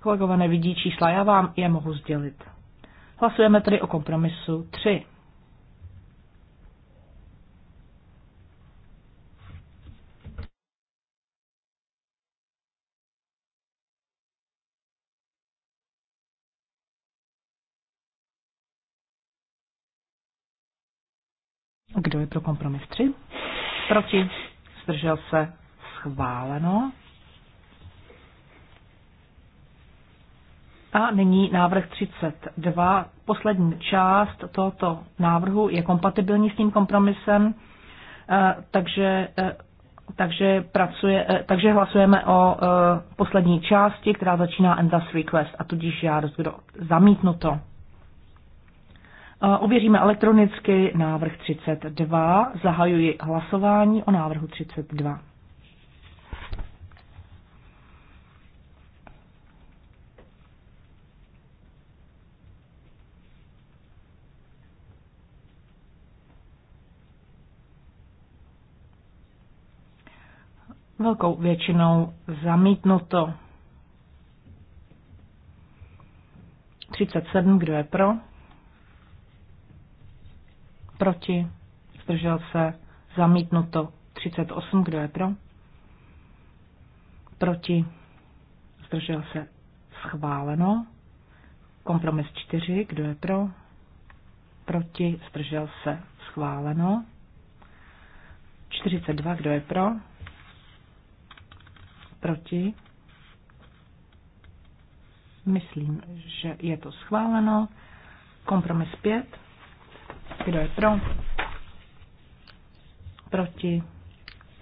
Kolegové nevidí čísla, já vám je mohu sdělit. Hlasujeme tedy o kompromisu 3. Kdo pro kompromis 3? Proti? Zdržel se? Schváleno. A nyní návrh 32. Poslední část tohoto návrhu je kompatibilní s tím kompromisem, eh, takže, eh, takže, pracuje, eh, takže hlasujeme o poslední části, která začíná and request, a tudíž žádost, zamítnu zamítnuto. Ověříme elektronicky návrh 32. Zahajuji hlasování o návrhu 32. Velkou většinou zamítnuto. 37, kdo je pro? Proti? Zdržel se? Zamítnuto. 38. Kdo je pro? Proti? Zdržel se? Schváleno. Kompromis 4. Kdo je pro? Proti? Zdržel se? Schváleno. 42. Kdo je pro? Proti? Myslím, že je to schváleno. Kompromis 5. Kdo je pro? Proti?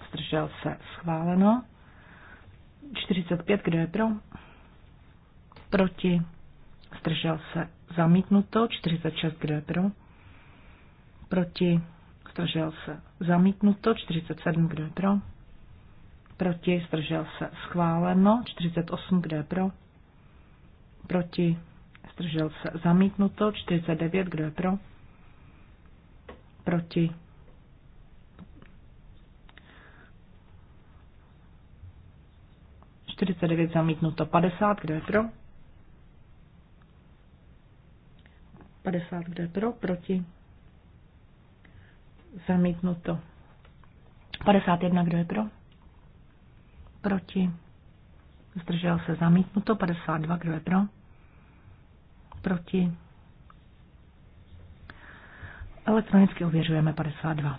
Zdržel se schváleno. 45. Kdo je pro? Proti? Zdržel se zamítnuto. 46. Kdo je pro? Proti? Zdržel se zamítnuto. 47. Kdo je pro? Proti? Zdržel se schváleno. 48. Kdo je pro? Proti? Zdržel se zamítnuto. 49. Kdo je pro? proti. Čtyřicet devět zamítnuto, padesát, kdo je pro? Padesát, kdo je pro, proti? Zamítnuto. Padesát jedna, kdo je pro? Proti. Zdržel se zamítnuto, 52, kdo je pro? Proti Elektronicky ověřujeme 52.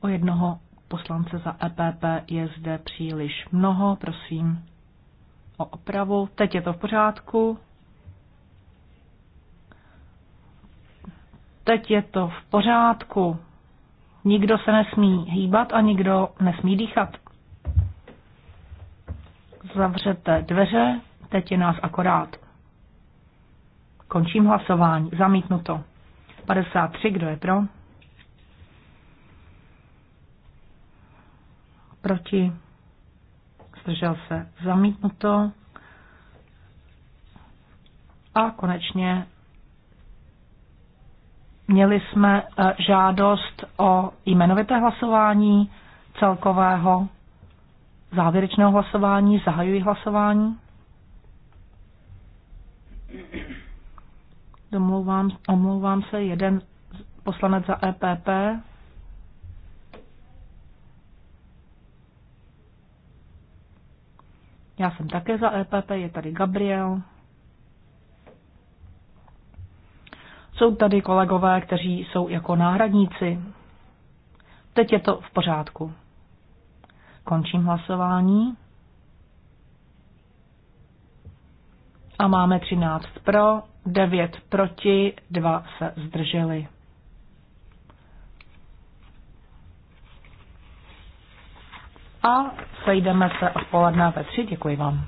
O jednoho poslance za EPP je zde příliš mnoho, prosím o opravu. Teď je to v pořádku. Teď je to v pořádku. Nikdo se nesmí hýbat a nikdo nesmí dýchat. Zavřete dveře, teď je nás akorát. Končím hlasování. Zamítnuto. 53, kdo je pro? Proti? Zdržel se. Zamítnuto. A konečně měli jsme eh, žádost o jmenovité hlasování celkového závěrečného hlasování. Zahajuji hlasování. Domlouvám, omlouvám se, jeden poslanec za EPP. Já jsem také za EPP, je tady Gabriel. Jsou tady kolegové, kteří jsou jako náhradníci. Teď je to v pořádku. Končím hlasování. A máme 13 pro, 9 proti, 2 se zdrželi. A sejdeme se odpoledne ve 3. Děkuji vám.